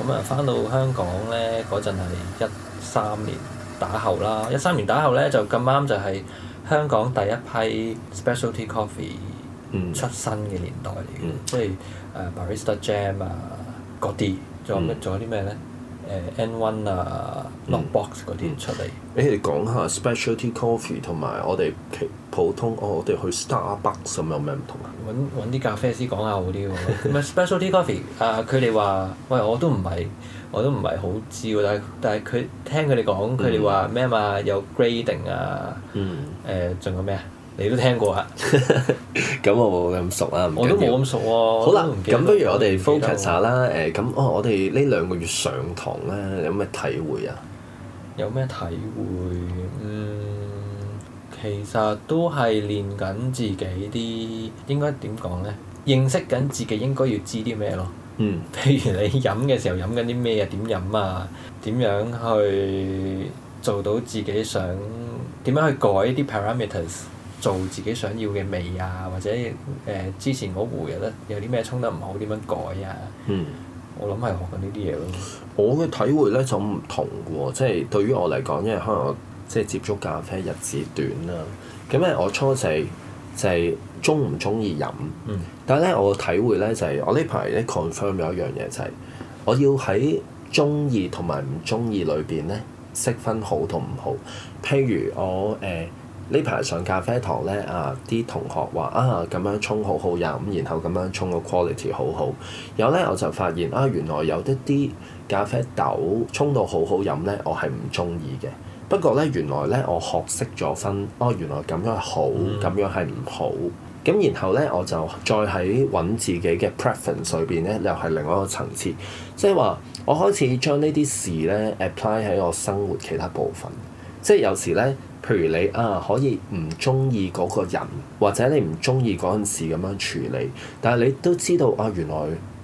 咁啊翻到香港咧，嗰陣係一三年打後啦、啊，一三年打後咧就咁啱就係香港第一批 specialty coffee 出身嘅年代嚟嘅，即係誒 barista jam 啊，嗰啲仲有咩？仲有啲咩咧？誒、uh, N one 啊 lock box 嗰啲、嗯、出嚟。你哋講、欸、下 specialty coffee 同埋我哋其普通，哦、我哋去 Starbucks 咁有咩唔同啊？揾揾啲咖啡師講下好啲喎。唔係 specialty coffee 啊，佢哋話：喂，我都唔係，我都唔係好知喎。但係但係佢聽佢哋講，佢哋話咩啊嘛？有 grading 啊，誒、嗯，仲、呃、有咩啊？你都聽過啊？咁 我冇咁熟啊！我都冇咁熟喎、啊。好啦，咁不如我哋 focus 下啦。誒、啊，咁哦，我哋呢兩個月上堂咧，有咩體會啊？有咩體會？嗯，其實都係練緊自己啲，應該點講咧？認識緊自己應該要知啲咩咯？嗯，譬如你飲嘅時候飲緊啲咩啊？點飲啊？點樣去做到自己想？點樣去改啲 parameters？做自己想要嘅味啊，或者誒、呃、之前嗰回有得有啲咩沖得唔好，點樣改啊？嗯，我諗係學緊呢啲嘢咯。我嘅體會咧就唔同嘅喎、哦，即係對於我嚟講，因為可能我即係接觸咖啡日子短啦、啊。咁咧我初時就係中唔中意飲，嗯、但係咧我嘅體會咧就係我呢排咧 confirm 咗一樣嘢，就係、是我，就是、我要喺中意同埋唔中意裏邊咧識分好同唔好。譬如我誒。呃呢排上咖啡堂呢，啊！啲同學話啊，咁樣沖好好飲，然後咁樣沖個 quality 好好。有呢，我就發現啊，原來有一啲咖啡豆沖到好好飲呢，我係唔中意嘅。不過呢，原來呢，我學識咗分哦、啊，原來咁樣係好，嗯、咁樣係唔好。咁然後呢，我就再喺揾自己嘅 preference 上邊呢，又係另外一個層次。即係話，我開始將呢啲事呢 apply 喺我生活其他部分。即係有時呢。譬如你啊，可以唔中意嗰個人，或者你唔中意嗰件事咁樣處理，但係你都知道啊，原來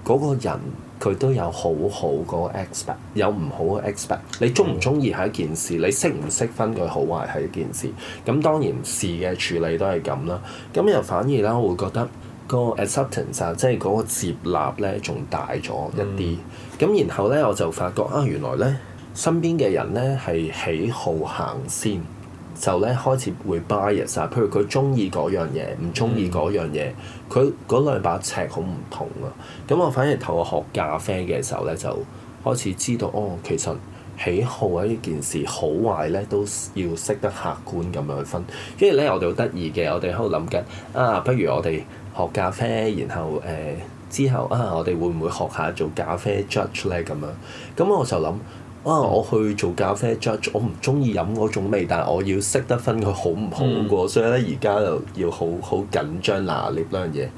嗰個人佢都有好好個 aspect，有唔好嘅 aspect。你中唔中意係一件事，你識唔識分佢好壞係一件事。咁當然事嘅處理都係咁啦。咁又反而啦，我會覺得個 acceptance 啊，即係嗰個接納咧，仲大咗一啲。咁、嗯、然後咧，我就發覺啊，原來咧身邊嘅人咧係喜好行先。就咧開始會 bias 譬如佢中意嗰樣嘢，唔中意嗰樣嘢，佢嗰、嗯、兩把尺好唔同啊！咁我反而同我學咖啡嘅時候咧，就開始知道哦，其實喜好啊呢件事好壞咧都要識得客觀咁樣去分。跟住咧，我哋好得意嘅，我哋喺度諗緊啊，不如我哋學咖啡，然後誒、呃、之後啊，我哋會唔會學下做咖啡 judge 咧咁樣？咁我就諗。啊！我去做咖啡 judge，我我唔中意飲嗰種味，但係我要識得分佢好唔好過，嗯、所以咧而家就要好好緊張嗱、啊、呢兩樣嘢。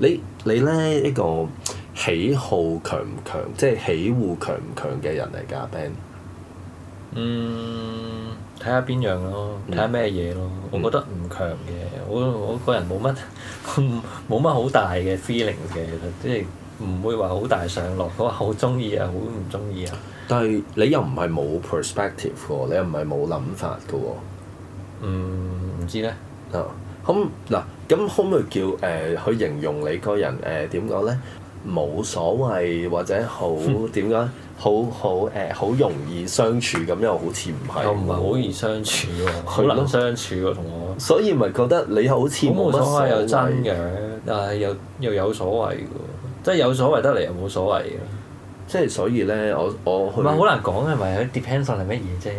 你你咧一個喜好強唔強，即係喜惡強唔強嘅人嚟噶 band？嗯，睇下邊樣咯，睇下咩嘢咯。嗯、我覺得唔強嘅，我我個人冇乜冇乜好大嘅 feeling 嘅，即係唔會話好大上落，嗰個好中意啊，好唔中意啊。但係你又唔係冇 perspective 嘅，你又唔係冇諗法嘅。嗯，唔知咧。啊、oh.，咁嗱，咁可唔可以叫誒去形容你個人誒點講咧？冇、呃、所謂或者好點解？好好誒、呃，好容易相處咁又好似唔係。我唔係好易相處喎，好難 相處喎，同我。所以咪覺得你好似冇所謂。所謂又真嘅，但係又又有所謂嘅，即係有所謂得嚟又冇所謂咯。即係所以咧，我我好難講，係咪？Depends on 係乜嘢啫？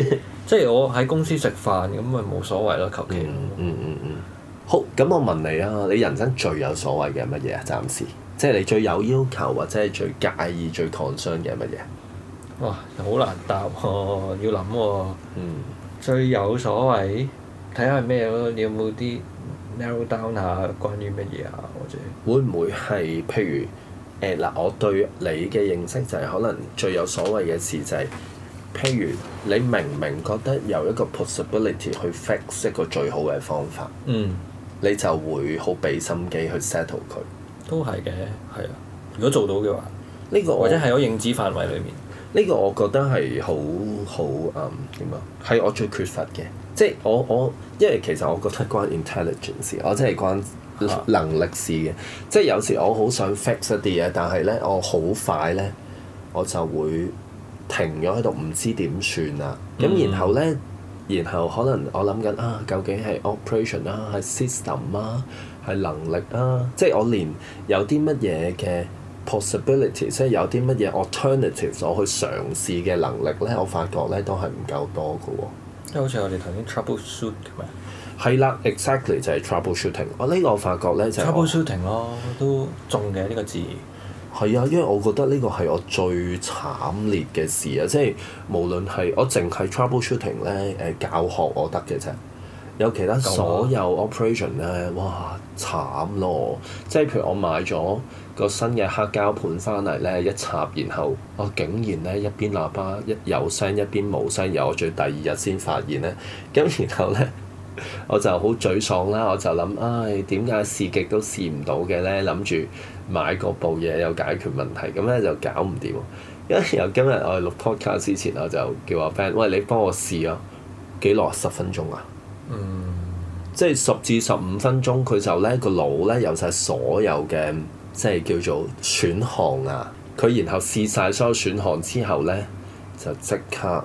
即係我喺公司食飯咁咪冇所謂咯，求其咯。嗯嗯嗯。好，咁我問你啊，你人生最有所謂嘅係乜嘢啊？暫時，即係你最有要求或者係最介意、最 concern 嘅係乜嘢啊？哇、啊，好難答喎，要諗喎。嗯。最有所謂，睇下係咩咯？你有冇啲 narrow down 下關於乜嘢啊？或者會唔會係譬如？誒嗱、呃，我對你嘅認識就係可能最有所謂嘅事就係、是，譬如你明明覺得由一個 possibility 去 fix 一個最好嘅方法，嗯，你就會好俾心機去 settle 佢。都係嘅，係啊。如果做到嘅話，呢個或者係我認知範圍裡面，呢個我覺得係好好嗯點啊，係我最缺乏嘅。即係我我，因為其實我覺得關 intelligence，我真係關。嗯能力事嘅，即係有時我好想 fix 一啲嘢，但係咧我好快咧，我就會停咗喺度，唔知點算啊！咁、mm hmm. 然後咧，然後可能我諗緊啊，究竟係 operation 啦、啊，係 system 啦、啊，係能力啦、啊，即係我連有啲乜嘢嘅 possibility，即係有啲乜嘢 alternatives 所去嘗試嘅能力咧，我發覺咧都係唔夠多嘅喎、哦。即係好似我哋頭先 trouble shoot 咁啊！係啦 ，exactly 就係 troubleshooting、啊。我、這、呢個我發覺咧就 troubleshooting 咯，都中嘅呢個字。係啊，因為我覺得呢個係我最慘烈嘅事啊，即係無論係我淨係 troubleshooting 咧、呃，誒教學我得嘅啫。有其他所有 operation 咧，哇慘咯！即係譬如我買咗個新嘅黑膠盤翻嚟咧，一插然後我竟然咧一邊喇叭一有聲一邊冇聲，然後、啊、然我最第二日先發現咧，咁然後咧。 我就好沮喪啦，我就諗，唉、哎，點解試極都試唔到嘅咧？諗住買個部嘢又解決問題，咁咧就搞唔掂。因為由今日我哋錄 podcast 之前，我就叫阿 Ben 喂，你幫我試啊，幾耐十分鐘啊？嗯，即係十至十五分鐘，佢就咧個腦咧有晒所有嘅，即係叫做選項啊。佢然後試晒所有選項之後咧，就即刻。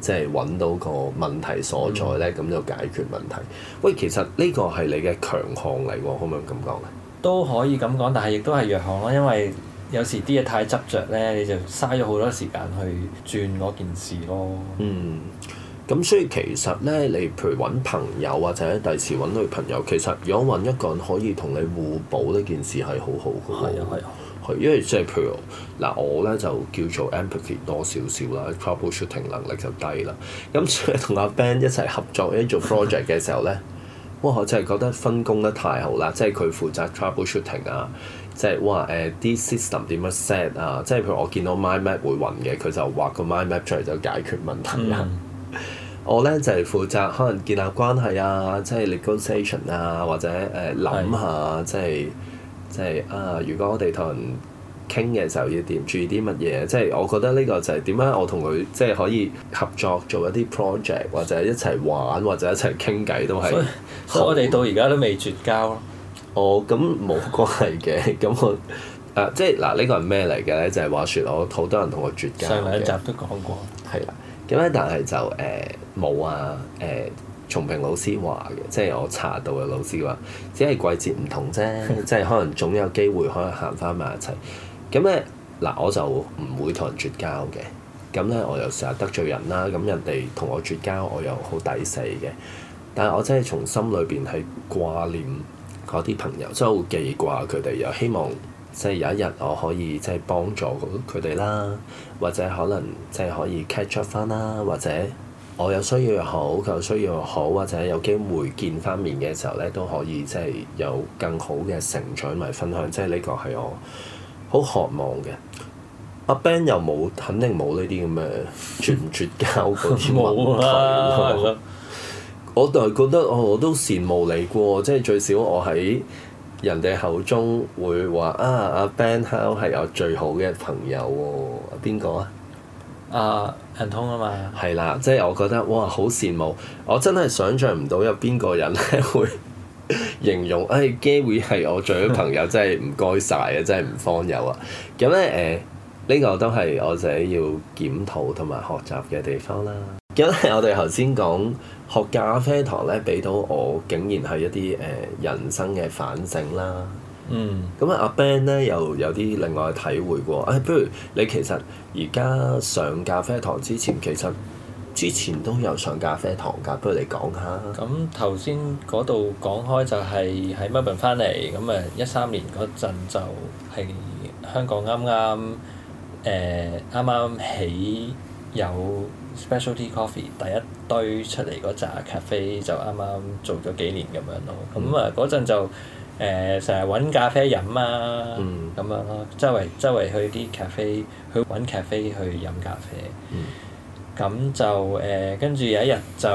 即係揾到個問題所在咧，咁就、嗯、解決問題。喂，其實呢個係你嘅強項嚟喎，可唔可以咁講咧？都可以咁講，但係亦都係弱項咯，因為有時啲嘢太執着咧，你就嘥咗好多時間去轉嗰件事咯。嗯，咁所以其實咧，你譬如揾朋友或者第時揾女朋友，其實如果揾一個人可以同你互補呢件事係好好嘅啊，係啊。因為即係譬如嗱，我咧就叫做 empathy 多少少啦，troubleshooting 能力就低啦。咁所以同阿 Ben 一齊合作咧做 project 嘅時候咧， 哇！我真係覺得分工得太好啦。即係佢負責 troubleshooting 啊，即係哇誒啲、呃、system 點樣 set 啊，即係譬如我見到 mind map 會暈嘅，佢就畫個 mind map 出嚟就解決問題啦、啊。嗯嗯，我咧就係、是、負責可能建立關係啊，即係 negotiation 啊，或者誒諗、呃、下即係。的即係、就是、啊！如果我哋同人傾嘅時候要點注意啲乜嘢？即、就、係、是、我覺得呢個就係點解我同佢即係可以合作做一啲 project，或者一齊玩，或者一齊傾偈都係。所以，我哋到而家都未絕交咯、啊。哦，咁冇關係嘅。咁我誒即係嗱，呢個係咩嚟嘅咧？就係、是啊這個就是、話説我好多人同我絕交，上一集都講過。係啦。咁咧，但係就誒冇、呃、啊誒。呃從平老師話嘅，即係我查到嘅老師話，只係季節唔同啫， 即係可能總有機會可以行翻埋一齊。咁咧嗱，我就唔會同人絕交嘅。咁咧，我又成日得罪人啦。咁人哋同我絕交，我又好抵死嘅。但係我真係從心裏邊係掛念嗰啲朋友，即係好記掛佢哋，又希望即係有一日我可以即係幫助佢哋啦，或者可能即係可以 catch up 翻啦，或者。我有需要又好，佢需要又好，或者有機會見翻面嘅時候咧，都可以，即係有更好嘅成長埋分享。即係呢、這個係我好渴望嘅。阿 Ben 又冇，肯定冇呢啲咁嘅絕唔絕交嗰 有、啊、 我就係覺得，哦、我都羨慕你喎。即係最少我喺人哋口中會話啊，阿 Ben，how 係我最好嘅朋友喎。邊個啊？啊，人、uh, 通啊嘛！係 啦，即、就、係、是、我覺得哇，好羨慕！我真係想象唔到有邊個人咧會 形容，哎 Gary 係我最好朋友， 真係唔該晒，啊，真係唔方有啊！咁咧誒，呢、嗯這個都係我自己要檢討同埋學習嘅地方啦。咁、嗯、為、嗯、我哋頭先講學咖啡堂咧，俾到我竟然係一啲誒、呃、人生嘅反省啦。嗯，咁啊阿 Ben 咧又有啲另外嘅體會喎、哎。不如你其實而家上咖啡堂之前，其實之前都有上咖啡堂㗎。不如你講下。咁頭先嗰度講開就係喺 Martin 翻嚟，咁誒一三年嗰陣就係香港啱啱誒啱啱起有 specialty coffee 第一堆出嚟嗰紮咖啡就啱啱做咗幾年咁樣咯。咁啊嗰陣就。誒成日揾咖啡飲啊，咁樣咯，周圍周圍去啲咖啡，去揾咖啡，去飲咖啡。咁就誒，跟住有一日就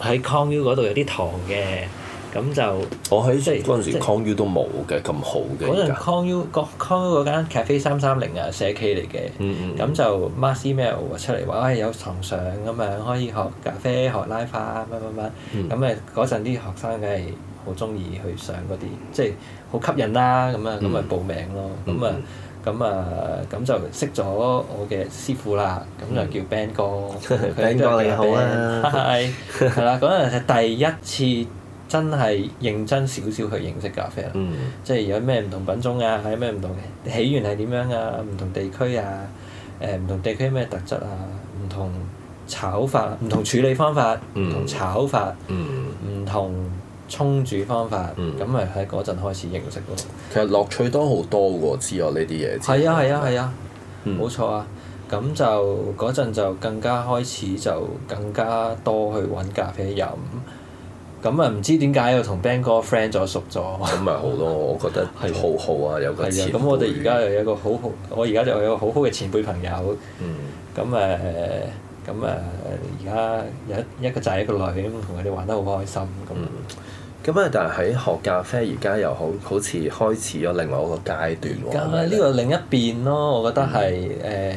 喺 Conu 嗰度有啲堂嘅，咁就我喺即係嗰陣時 Conu 都冇嘅咁好嘅。嗰陣 Conu 個 Conu 嗰間咖啡三三零啊社企嚟嘅，咁就 Mass Email 出嚟話：哎有堂上咁樣，可以學咖啡、學拉花乜乜乜。咁誒嗰陣啲學生梗係～好中意去上嗰啲，即係好吸引啦，咁啊，咁咪報名咯，咁、嗯、啊，咁啊，咁就識咗我嘅師傅啦，咁就叫 Ben 哥、嗯、Ben, ，Ben 哥你好、啊、 啦，係係啦，嗰陣係第一次真係認真少少去認識咖啡啦，嗯、即係有咩唔同品種啊，有咩唔同嘅起源係點樣啊，唔同地區啊，誒、呃、唔同地區咩特質啊，唔同炒法，唔同處理方法，唔、嗯、同炒法，唔、嗯、同。沖煮方法，咁咪喺嗰陣開始認識咯。其實樂趣多好多喎，知我呢啲嘢。係啊係啊係啊，冇、啊啊嗯、錯啊。咁就嗰陣就更加開始就更加多去揾咖啡飲。咁啊唔知點解又同 Ben 哥 friend 咗，熟咗、嗯。咁咪好咯，我覺得係好好啊，有個係啊，咁、啊、我哋而家又有一個好好，我而家就有一個好好嘅前輩朋友。嗯。咁誒、嗯，咁誒、啊，而家、啊、有一一個仔一個女，咁同佢哋玩得好開心。嗯。嗯咁啊！但係喺學咖啡而家又好好似開始咗另外一個階段喎。咁啊，呢個、就係、另一邊咯，我覺得係誒。嗯呃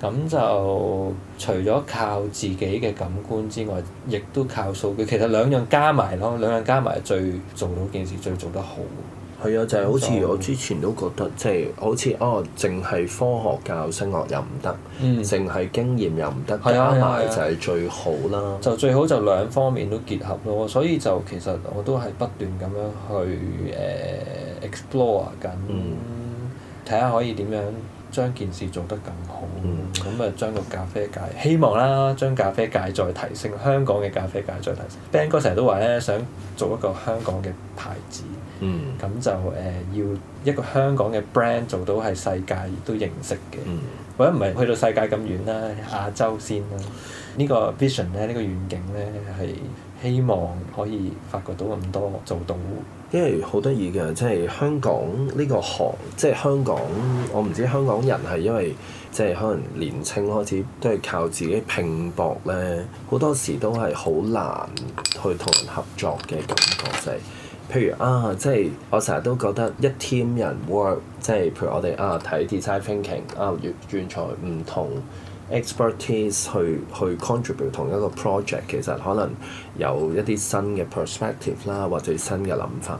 咁就除咗靠自己嘅感官之外，亦都靠數據。其實兩樣加埋咯，兩樣加埋最做到嘅事最做得好。係啊，就係、是、好似就我之前都覺得，即、就、係、是、好似哦，淨係科學教聲樂又唔得，淨係、嗯、經驗又唔得。加埋就係最好啦。就最好就兩方面都結合咯，所以就其實我都係不斷咁樣去誒、呃、explore 緊，睇下、嗯、可以點樣。將件事做得更好，咁啊將個咖啡界希望啦，將咖啡界再提升，香港嘅咖啡界再提升。嗯、Ben 哥成日都話咧，想做一個香港嘅牌子，咁、嗯、就誒、呃、要一個香港嘅 brand 做到係世界都認識嘅，嗯、或者唔係去到世界咁遠啦，亞洲先啦。呢個、呢個 vision 咧，呢、呢個遠景咧係。希望可以發掘到咁多做到，因為好得意嘅，即係香港呢個行，即係香港，我唔知香港人係因為即係可能年青開始都係靠自己拼搏咧，好多時都係好難去同人合作嘅感覺，就係譬如啊，即係我成日都覺得一 team 人 work，即係譬如我哋啊睇 design thinking 啊，原材唔同，expertise 去去 contribute 同一個 project 其實可能有一啲新嘅 perspective 啦，或者新嘅諗法，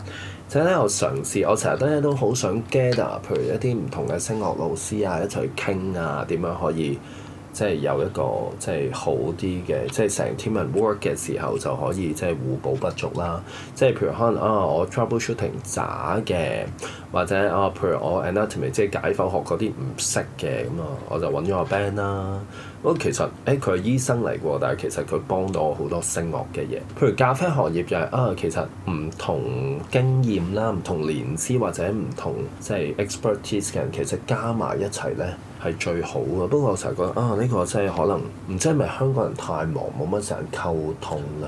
即係咧我嘗試，我成日都都好想 gather，譬如一啲唔同嘅聲樂老師啊，一齊去傾啊，點樣可以。即係有一個即係好啲嘅，即係成 team work 嘅時候就可以即係互補不足啦。即係譬如可能啊，我 troubleshooting 渣嘅，或者啊，譬如我 anatomy 即係解剖學嗰啲唔識嘅咁啊，我就揾咗個 band 啦。我其實誒佢係醫生嚟㗎，但係其實佢幫到我好多聲樂嘅嘢，譬如咖啡行業就係、是、啊，其實唔同經驗啦、唔同年資或者唔同即係 expertise 嘅人，其實加埋一齊咧係最好嘅。不過我成日覺得啊，呢、這個真係可能唔知係咪香港人太忙，冇乜時間溝通啊？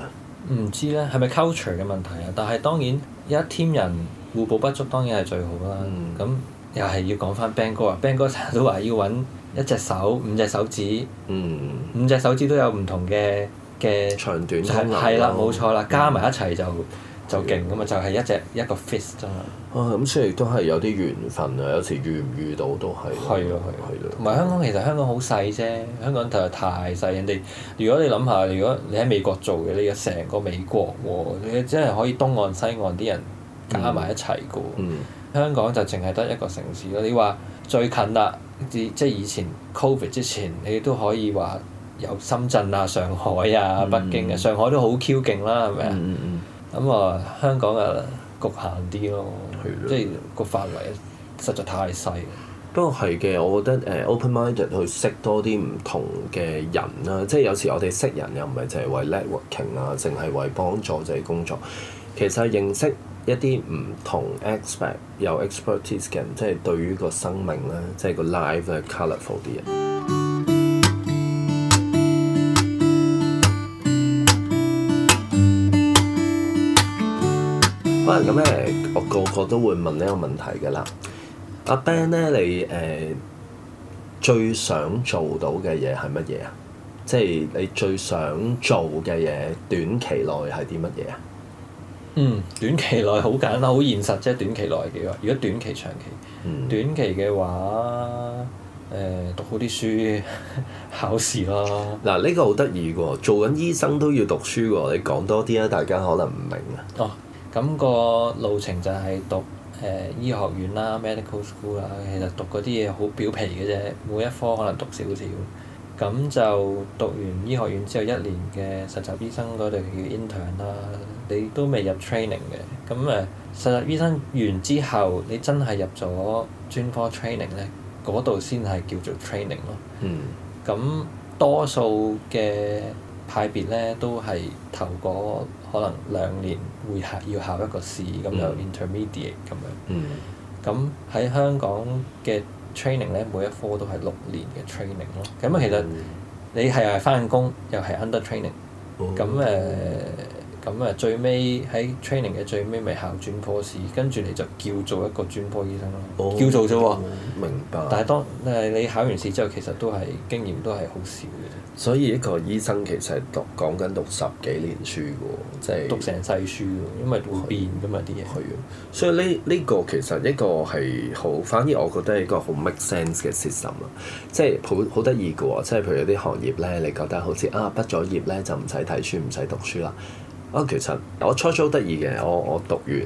唔知咧，係咪 culture 嘅問題啊？但係當然一 team 人互補不足，當然係最好啦。咁、嗯。又係要講翻 Ben 哥啊！Ben 哥成日都話要揾一隻手五隻手指，嗯、五隻手指都有唔同嘅嘅長短，就係啦，冇錯啦，嗯、加埋的一齊就就勁咁啊！就係一隻一個 fist 啫嘛。咁，所以都係有啲緣分啊！有時遇唔遇到都係係咯，係咯，同埋香港其實香港好細啫，香港就太細。人哋如果你諗下，如果你喺美國做嘅，你成個美國喎，你真係可以東岸西岸啲人加埋一齊噶香港就淨係得一個城市咯。你話最近啦，即係以前 COVID 之前，你都可以話有深圳啊、上海啊、北京啊，上海都好 Q 勁啦，係咪啊？咁啊、嗯嗯嗯，香港啊的，局限啲咯，即係個範圍實在太細。不過係嘅，我覺得誒、呃、open-minded 去識多啲唔同嘅人啦。即係有時我哋識人又唔係淨係為 networking 啊，淨係為幫助自己工作，其實係認識。一啲唔同 aspect 有 expertise 嘅人，即係對於個生命咧，即係個 life 係 colourful 啲人。可能咁咧，我個個都會問呢個問題㗎啦。阿 Ben 咧，你誒、呃、最想做到嘅嘢係乜嘢啊？即係你最想做嘅嘢，短期內係啲乜嘢啊？嗯，短期內好簡單，好現實啫。短期內嘅話，如果短期、長期，嗯、短期嘅話，誒、呃、讀好啲書， 考試咯了。嗱，呢個好得意喎，做緊醫生都要讀書喎。你講多啲啦，大家可能唔明啊。哦，咁、那個路程就係讀誒、呃、醫學院啦，medical school 啦。其實讀嗰啲嘢好表皮嘅啫，每一科可能讀少少。咁就讀完醫學院之後一年嘅實習醫生嗰度叫 intern 啦、um,。你都未入 training 嘅，咁誒實習醫生完之後，你真係入咗專科 training 咧，嗰度先係叫做 training 咯。咁、嗯、多數嘅派別咧，都係頭嗰可能兩年會考要考一個試，咁就 intermediate 咁樣。咁喺、嗯、香港嘅 training 咧，每一科都係六年嘅 training 咯。咁啊，其實你係係返緊工，又係 under training。咁誒、嗯？咁啊，最尾喺 training 嘅最尾，咪考專科試，跟住你就叫做一個專科醫生咯。哦、叫做啫喎、哦，明白。但係當誒你考完試之後，其實都係經驗都係好少嘅。所以一個醫生其實讀講緊讀十幾年書嘅，即係讀成世書嘅，因為會變㗎嘛啲嘢。去是，的所以呢呢、呢個其實一個係好，反而我覺得係一個好 make sense 嘅 system 啊，即係好好得意嘅喎。即係譬如有啲行業咧，你覺得好似啊畢咗業咧就唔使睇書，唔使讀書啦。啊、哦，其實我初初得意嘅，我我讀完即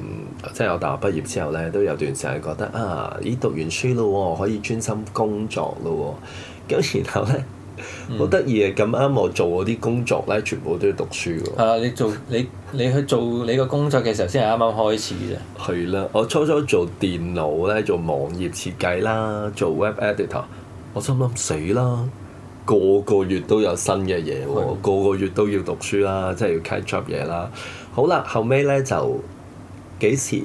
係、就是、我大學畢業之後咧，都有段時間覺得啊，咦讀完書咯，我可以專心工作咯，咁然後咧、嗯、好得意嘅，咁啱我做我啲工作咧，全部都要讀書喎。係啊，你做你你去做你個工作嘅時候，先係啱啱開始嘅。係啦， 我初初做電腦咧，做網頁設計啦，做 web editor，我心諗死啦。個個月都有新嘅嘢喎，個的個月都要讀書啦，即係要 catch up 嘢啦。好啦，後尾咧就幾時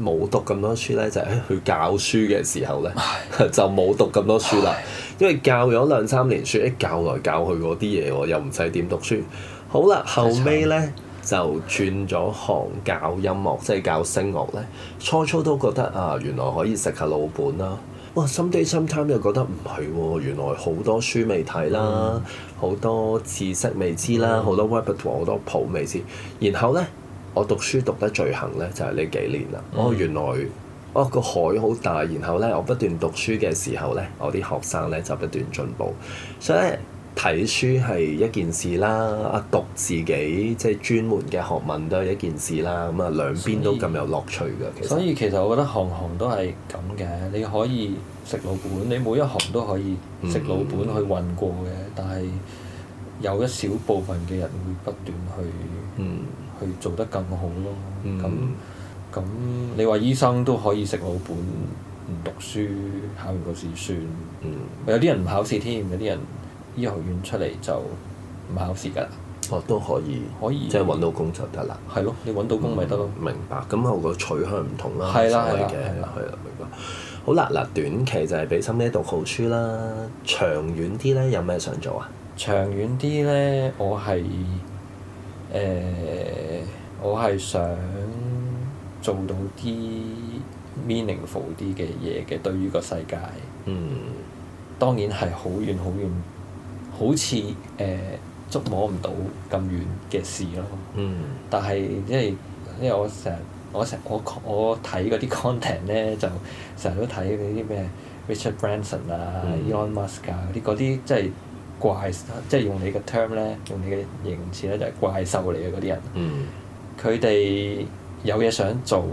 冇讀咁多書咧？就喺、是、去教書嘅時候咧，的 就冇讀咁多書啦。的因為教咗兩三年書，一、欸、教來教去嗰啲嘢喎，又唔使點讀書。好啦，後尾咧的就轉咗行教音樂，即係教聲樂咧。初初都覺得啊，原來可以食下老本啦。哇、oh，some day some time 又覺得唔係喎，原來好多書未睇啦，好、mm. 多知識未知啦，好、mm. 多 repertoire 好多譜未知。然後呢，我讀書讀得最行呢，就係、是、呢幾年啦。Mm. 哦，原來哦個海好大。然後呢，我不斷讀書嘅時候呢，我啲學生呢，就不斷進步。所以呢。睇書係一件事啦，啊讀自己即係專門嘅學問都係一件事啦。咁啊兩邊都咁有樂趣㗎。其實所以，所以其實我覺得行行都係咁嘅，你可以食老本，你每一行都可以食老本去混過嘅。嗯、但係有一小部分嘅人會不斷去、嗯、去做得更好咯。咁咁、嗯、你話醫生都可以食老本唔、嗯、讀書，考完個試算、嗯、有啲人唔考試添，有啲人。醫學院出嚟就唔考試㗎啦，哦，都可以，可以即係揾到工就得啦。係咯，你揾到工咪得咯。明白。咁我個取向唔同啦，係啦，係啦，係啦，明白。好啦，嗱短期就係俾心機讀好書啦。長遠啲呢有咩想做啊？長遠啲呢，我係誒、呃，我係想做到啲 meaningful 啲嘅嘢嘅，對於個世界，嗯，當然係好遠好遠。好似誒捉摸唔到咁遠嘅事咯。嗯。但係即係因為我成我成我我睇嗰啲 content 咧，就成日都睇嗰啲咩 Richard Branson 啊、嗯、Elon Musk 啊嗰啲，啲即係怪，即係用你嘅 term 咧，用你嘅形容詞咧，就係、是、怪獸嚟嘅嗰啲人。佢哋、嗯、有嘢想做，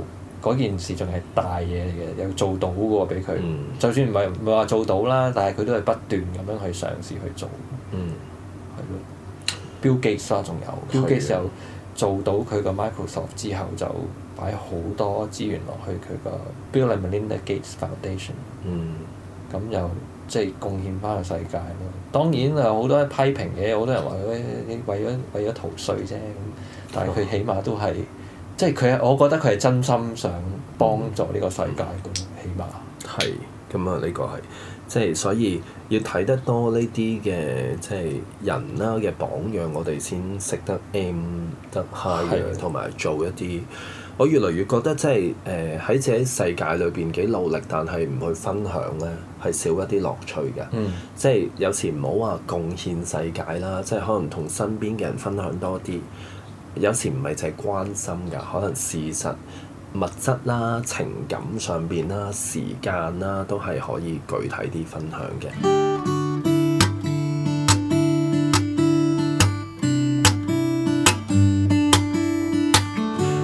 嗰件事仲係大嘢嚟嘅，有做到嘅喎俾佢。嗯、就算唔係唔係話做到啦，但係佢都係不斷咁樣去嘗試去做。嗯，係咯，Bill Gates 啦，仲有的 Bill Gates 又做到佢個 Microsoft 之後，就擺好多資源落去佢個 Bill and Melinda Gates Foundation。嗯，咁又即係貢獻翻個世界咯。當然有好多人批評嘅，有好多人話：人「喂，你為咗為咗逃稅啫。咁但係佢起碼都係，即係佢，我覺得佢係真心想幫助呢個世界。咁、嗯、起碼碼。係，咁啊，呢個係。即係所以要睇得多呢啲嘅即係人啦嘅榜樣，我哋先識得 aim 得 higher 同埋做一啲。我越嚟越覺得即係誒喺自己世界裏邊幾努力，但係唔去分享咧，係少一啲樂趣嘅。嗯、即係有時唔好話貢獻世界啦，即係可能同身邊嘅人分享多啲。有時唔係淨係關心㗎，可能事實。物質啦、情感上邊啦、時間啦，都係可以具體啲分享嘅。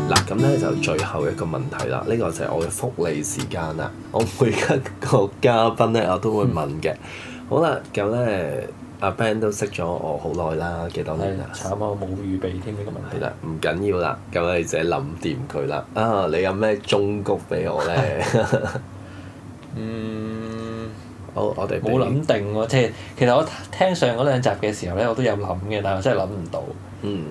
嗱，咁 咧樂就最後一個問題啦，呢、這個就係我嘅福利時間啦。我每一個嘉賓咧，我都會問嘅。 好啦，咁咧。阿 Ben 都識咗我好耐啦，幾多年啦？啊？慘啊！冇預備添呢、這個問題。係啦，唔緊要啦，咁你就諗掂佢啦。啊，你有咩忠告俾我咧？ 嗯，好，我哋冇諗定喎、啊。即係、嗯、其，其實我聽上嗰兩集嘅時候咧，我都有諗嘅，但我真係諗唔到。嗯，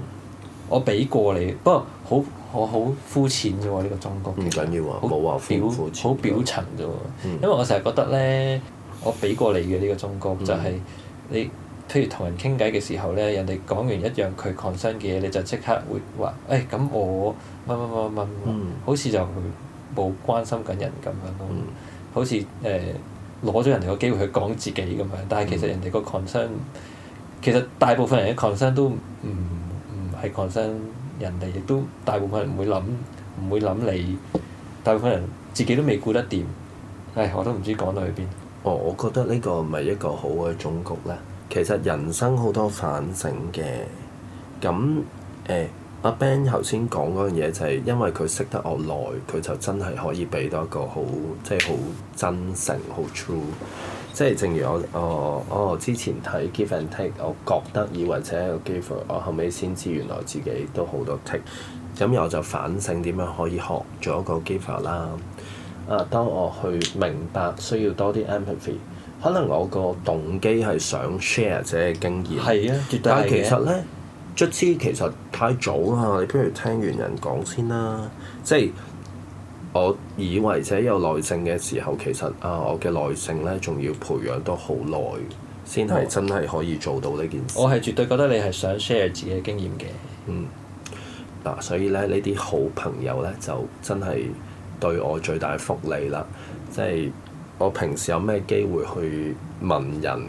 我俾過你，不過好我好，好，好膚淺啫喎。呢個忠告唔緊要冇啊，這個、啊啊表好表層啫喎。因為我成日覺得咧，我俾過你嘅呢個忠告就係、嗯。你譬如同人傾偈嘅時候咧，人哋講完一樣佢 concern 嘅嘢，你就即刻會話，誒、哎、咁我乜乜乜乜乜，嗯、好似就冇關心緊人咁樣，嗯、好似誒攞咗人哋個機會去講自己咁樣，但係其實人哋個 concern，其實大部分人嘅 concern 都唔唔係 concern 人哋，亦都大部分人唔會諗唔會諗你，大部分人自己都未顧得掂，唉，我都唔知講到去邊。哦、我覺得呢個唔係一個好嘅總局咧。其實人生好多反省嘅。咁誒，阿、呃啊、Ben 頭先講嗰樣嘢就係因為佢識得我耐，佢就真係可以俾到一個好即係好真誠、好 true。即係正如我哦哦之前睇 Give and Take，我覺得以為只係個 give，我後尾先知原來自己都好多 take。咁我就反省點樣可以學咗個 give 啦。啊！當我去明白需要多啲 empathy，可能我個動機係想 share 自己嘅經驗。係啊，絕對係嘅。但係其實咧，卒之其實太早啦。你不如聽完人講先啦。即係我以為自己有耐性嘅時候，其實啊，我嘅耐性咧，仲要培養到好耐先係真係可以做到呢件事我。我係絕對覺得你係想 share 自己嘅經驗嘅。嗯，嗱、啊，所以咧，呢啲好朋友咧就真係～對我最大福利啦，即係我平時有咩機會去問人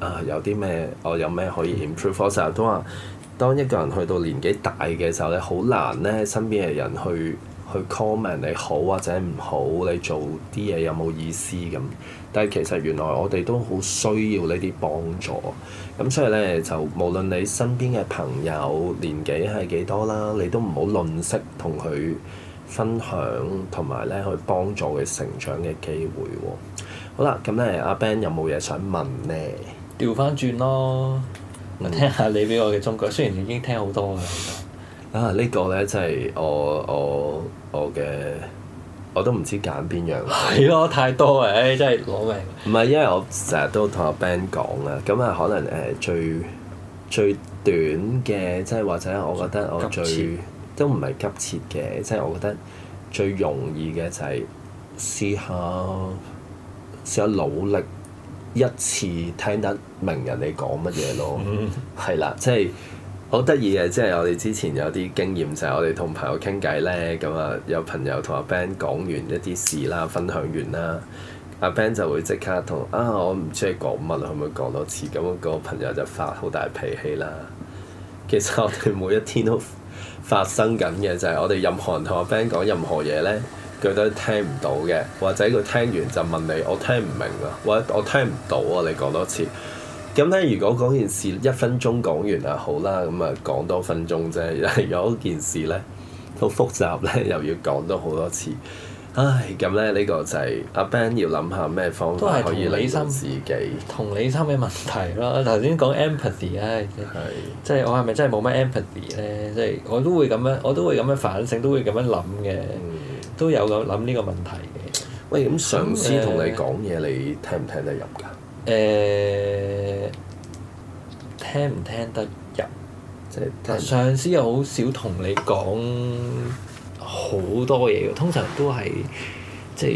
啊，有啲咩我有咩可以 improve，我成日都話，當一個人去到年紀大嘅時候，你好難咧，身邊嘅人去去 comment 你好或者唔好，你做啲嘢有冇意思咁。但係其實原來我哋都好需要呢啲幫助，咁所以咧就無論你身邊嘅朋友年紀係幾多啦，你都唔好吝嗇同佢分享同埋咧去幫助佢成長嘅機會。哦、好啦，咁咧阿 Ben 有冇嘢想問咧？調翻轉咯，問、嗯、聽下你俾我嘅忠告。雖然已經聽好多啦。啊，這個、呢個咧即係我我我嘅，我都唔知揀邊樣。係咯、哦，太多誒、哎，真係攞命。唔係因為我成日都同阿 Ben 講啦，咁啊可能誒、呃、最最短嘅，即係或者我覺得我最。都唔係急切嘅，即係我覺得最容易嘅就係試下試下努力一次聽得明人哋講乜嘢咯。係啦， 即係好得意嘅，即係我哋之前有啲經驗，就係、是、我哋同朋友傾偈咧，咁、嗯、啊有朋友同阿 Ben 講完一啲事啦，分享完啦，阿 Ben 就會即刻同啊我唔知佢講乜，可唔可以講多次？咁個朋友就發好大脾氣啦。其實我哋每一天都。發生緊嘅就係、是、我哋任何人同我 friend 講任何嘢咧，佢都聽唔到嘅，或者佢聽完就問你：我聽唔明啊，或者我聽唔到啊，你講多次。咁咧，如果講件事一分鐘講完啊，好啦，咁啊講多分鐘啫。如果件事咧好複雜咧，又要講多好多次。唉，咁咧呢個就係阿 Ben 要諗下咩方法都係可以理心自己同理心嘅問題咯。頭先講 empathy，唉，即係我係咪真係冇乜 empathy 咧？即係我都會咁樣，我都會咁樣反省，都會咁樣諗嘅，都有咁諗呢個問題嘅。喂，咁上司同你講嘢，你聽唔聽得入噶？誒，聽唔聽得入？即係上司又好少同你講。好多嘢嘅，通常都係即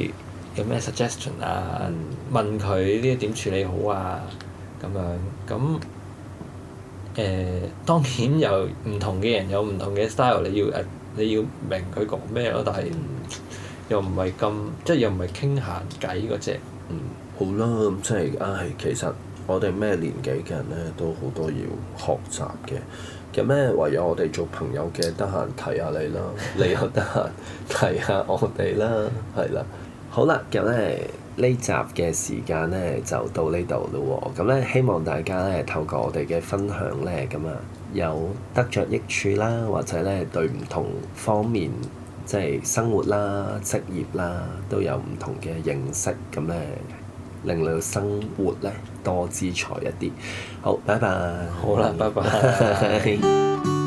係有咩 suggestion 啊，問佢呢，點處理好啊？咁樣咁誒、呃，當然有唔同嘅人有唔同嘅 style，你要誒你要明佢講咩咯，但係又唔係咁，即係又唔係傾閒偈嗰隻。嗯，好啦，咁即係啊，其實我哋咩年紀嘅人咧，都好多要學習嘅。咁咧，唯有我哋做朋友嘅，得閒睇下你啦，你又得閒睇下我哋啦，係啦。 好啦，咁咧呢集嘅時間咧就到、哦、呢度咯。咁咧希望大家咧透過我哋嘅分享咧咁啊，有得着益處啦，或者咧對唔同方面即係生活啦、職業啦都有唔同嘅認識咁咧。令你生活咧多姿彩一啲，好，拜拜。好啦， 拜拜。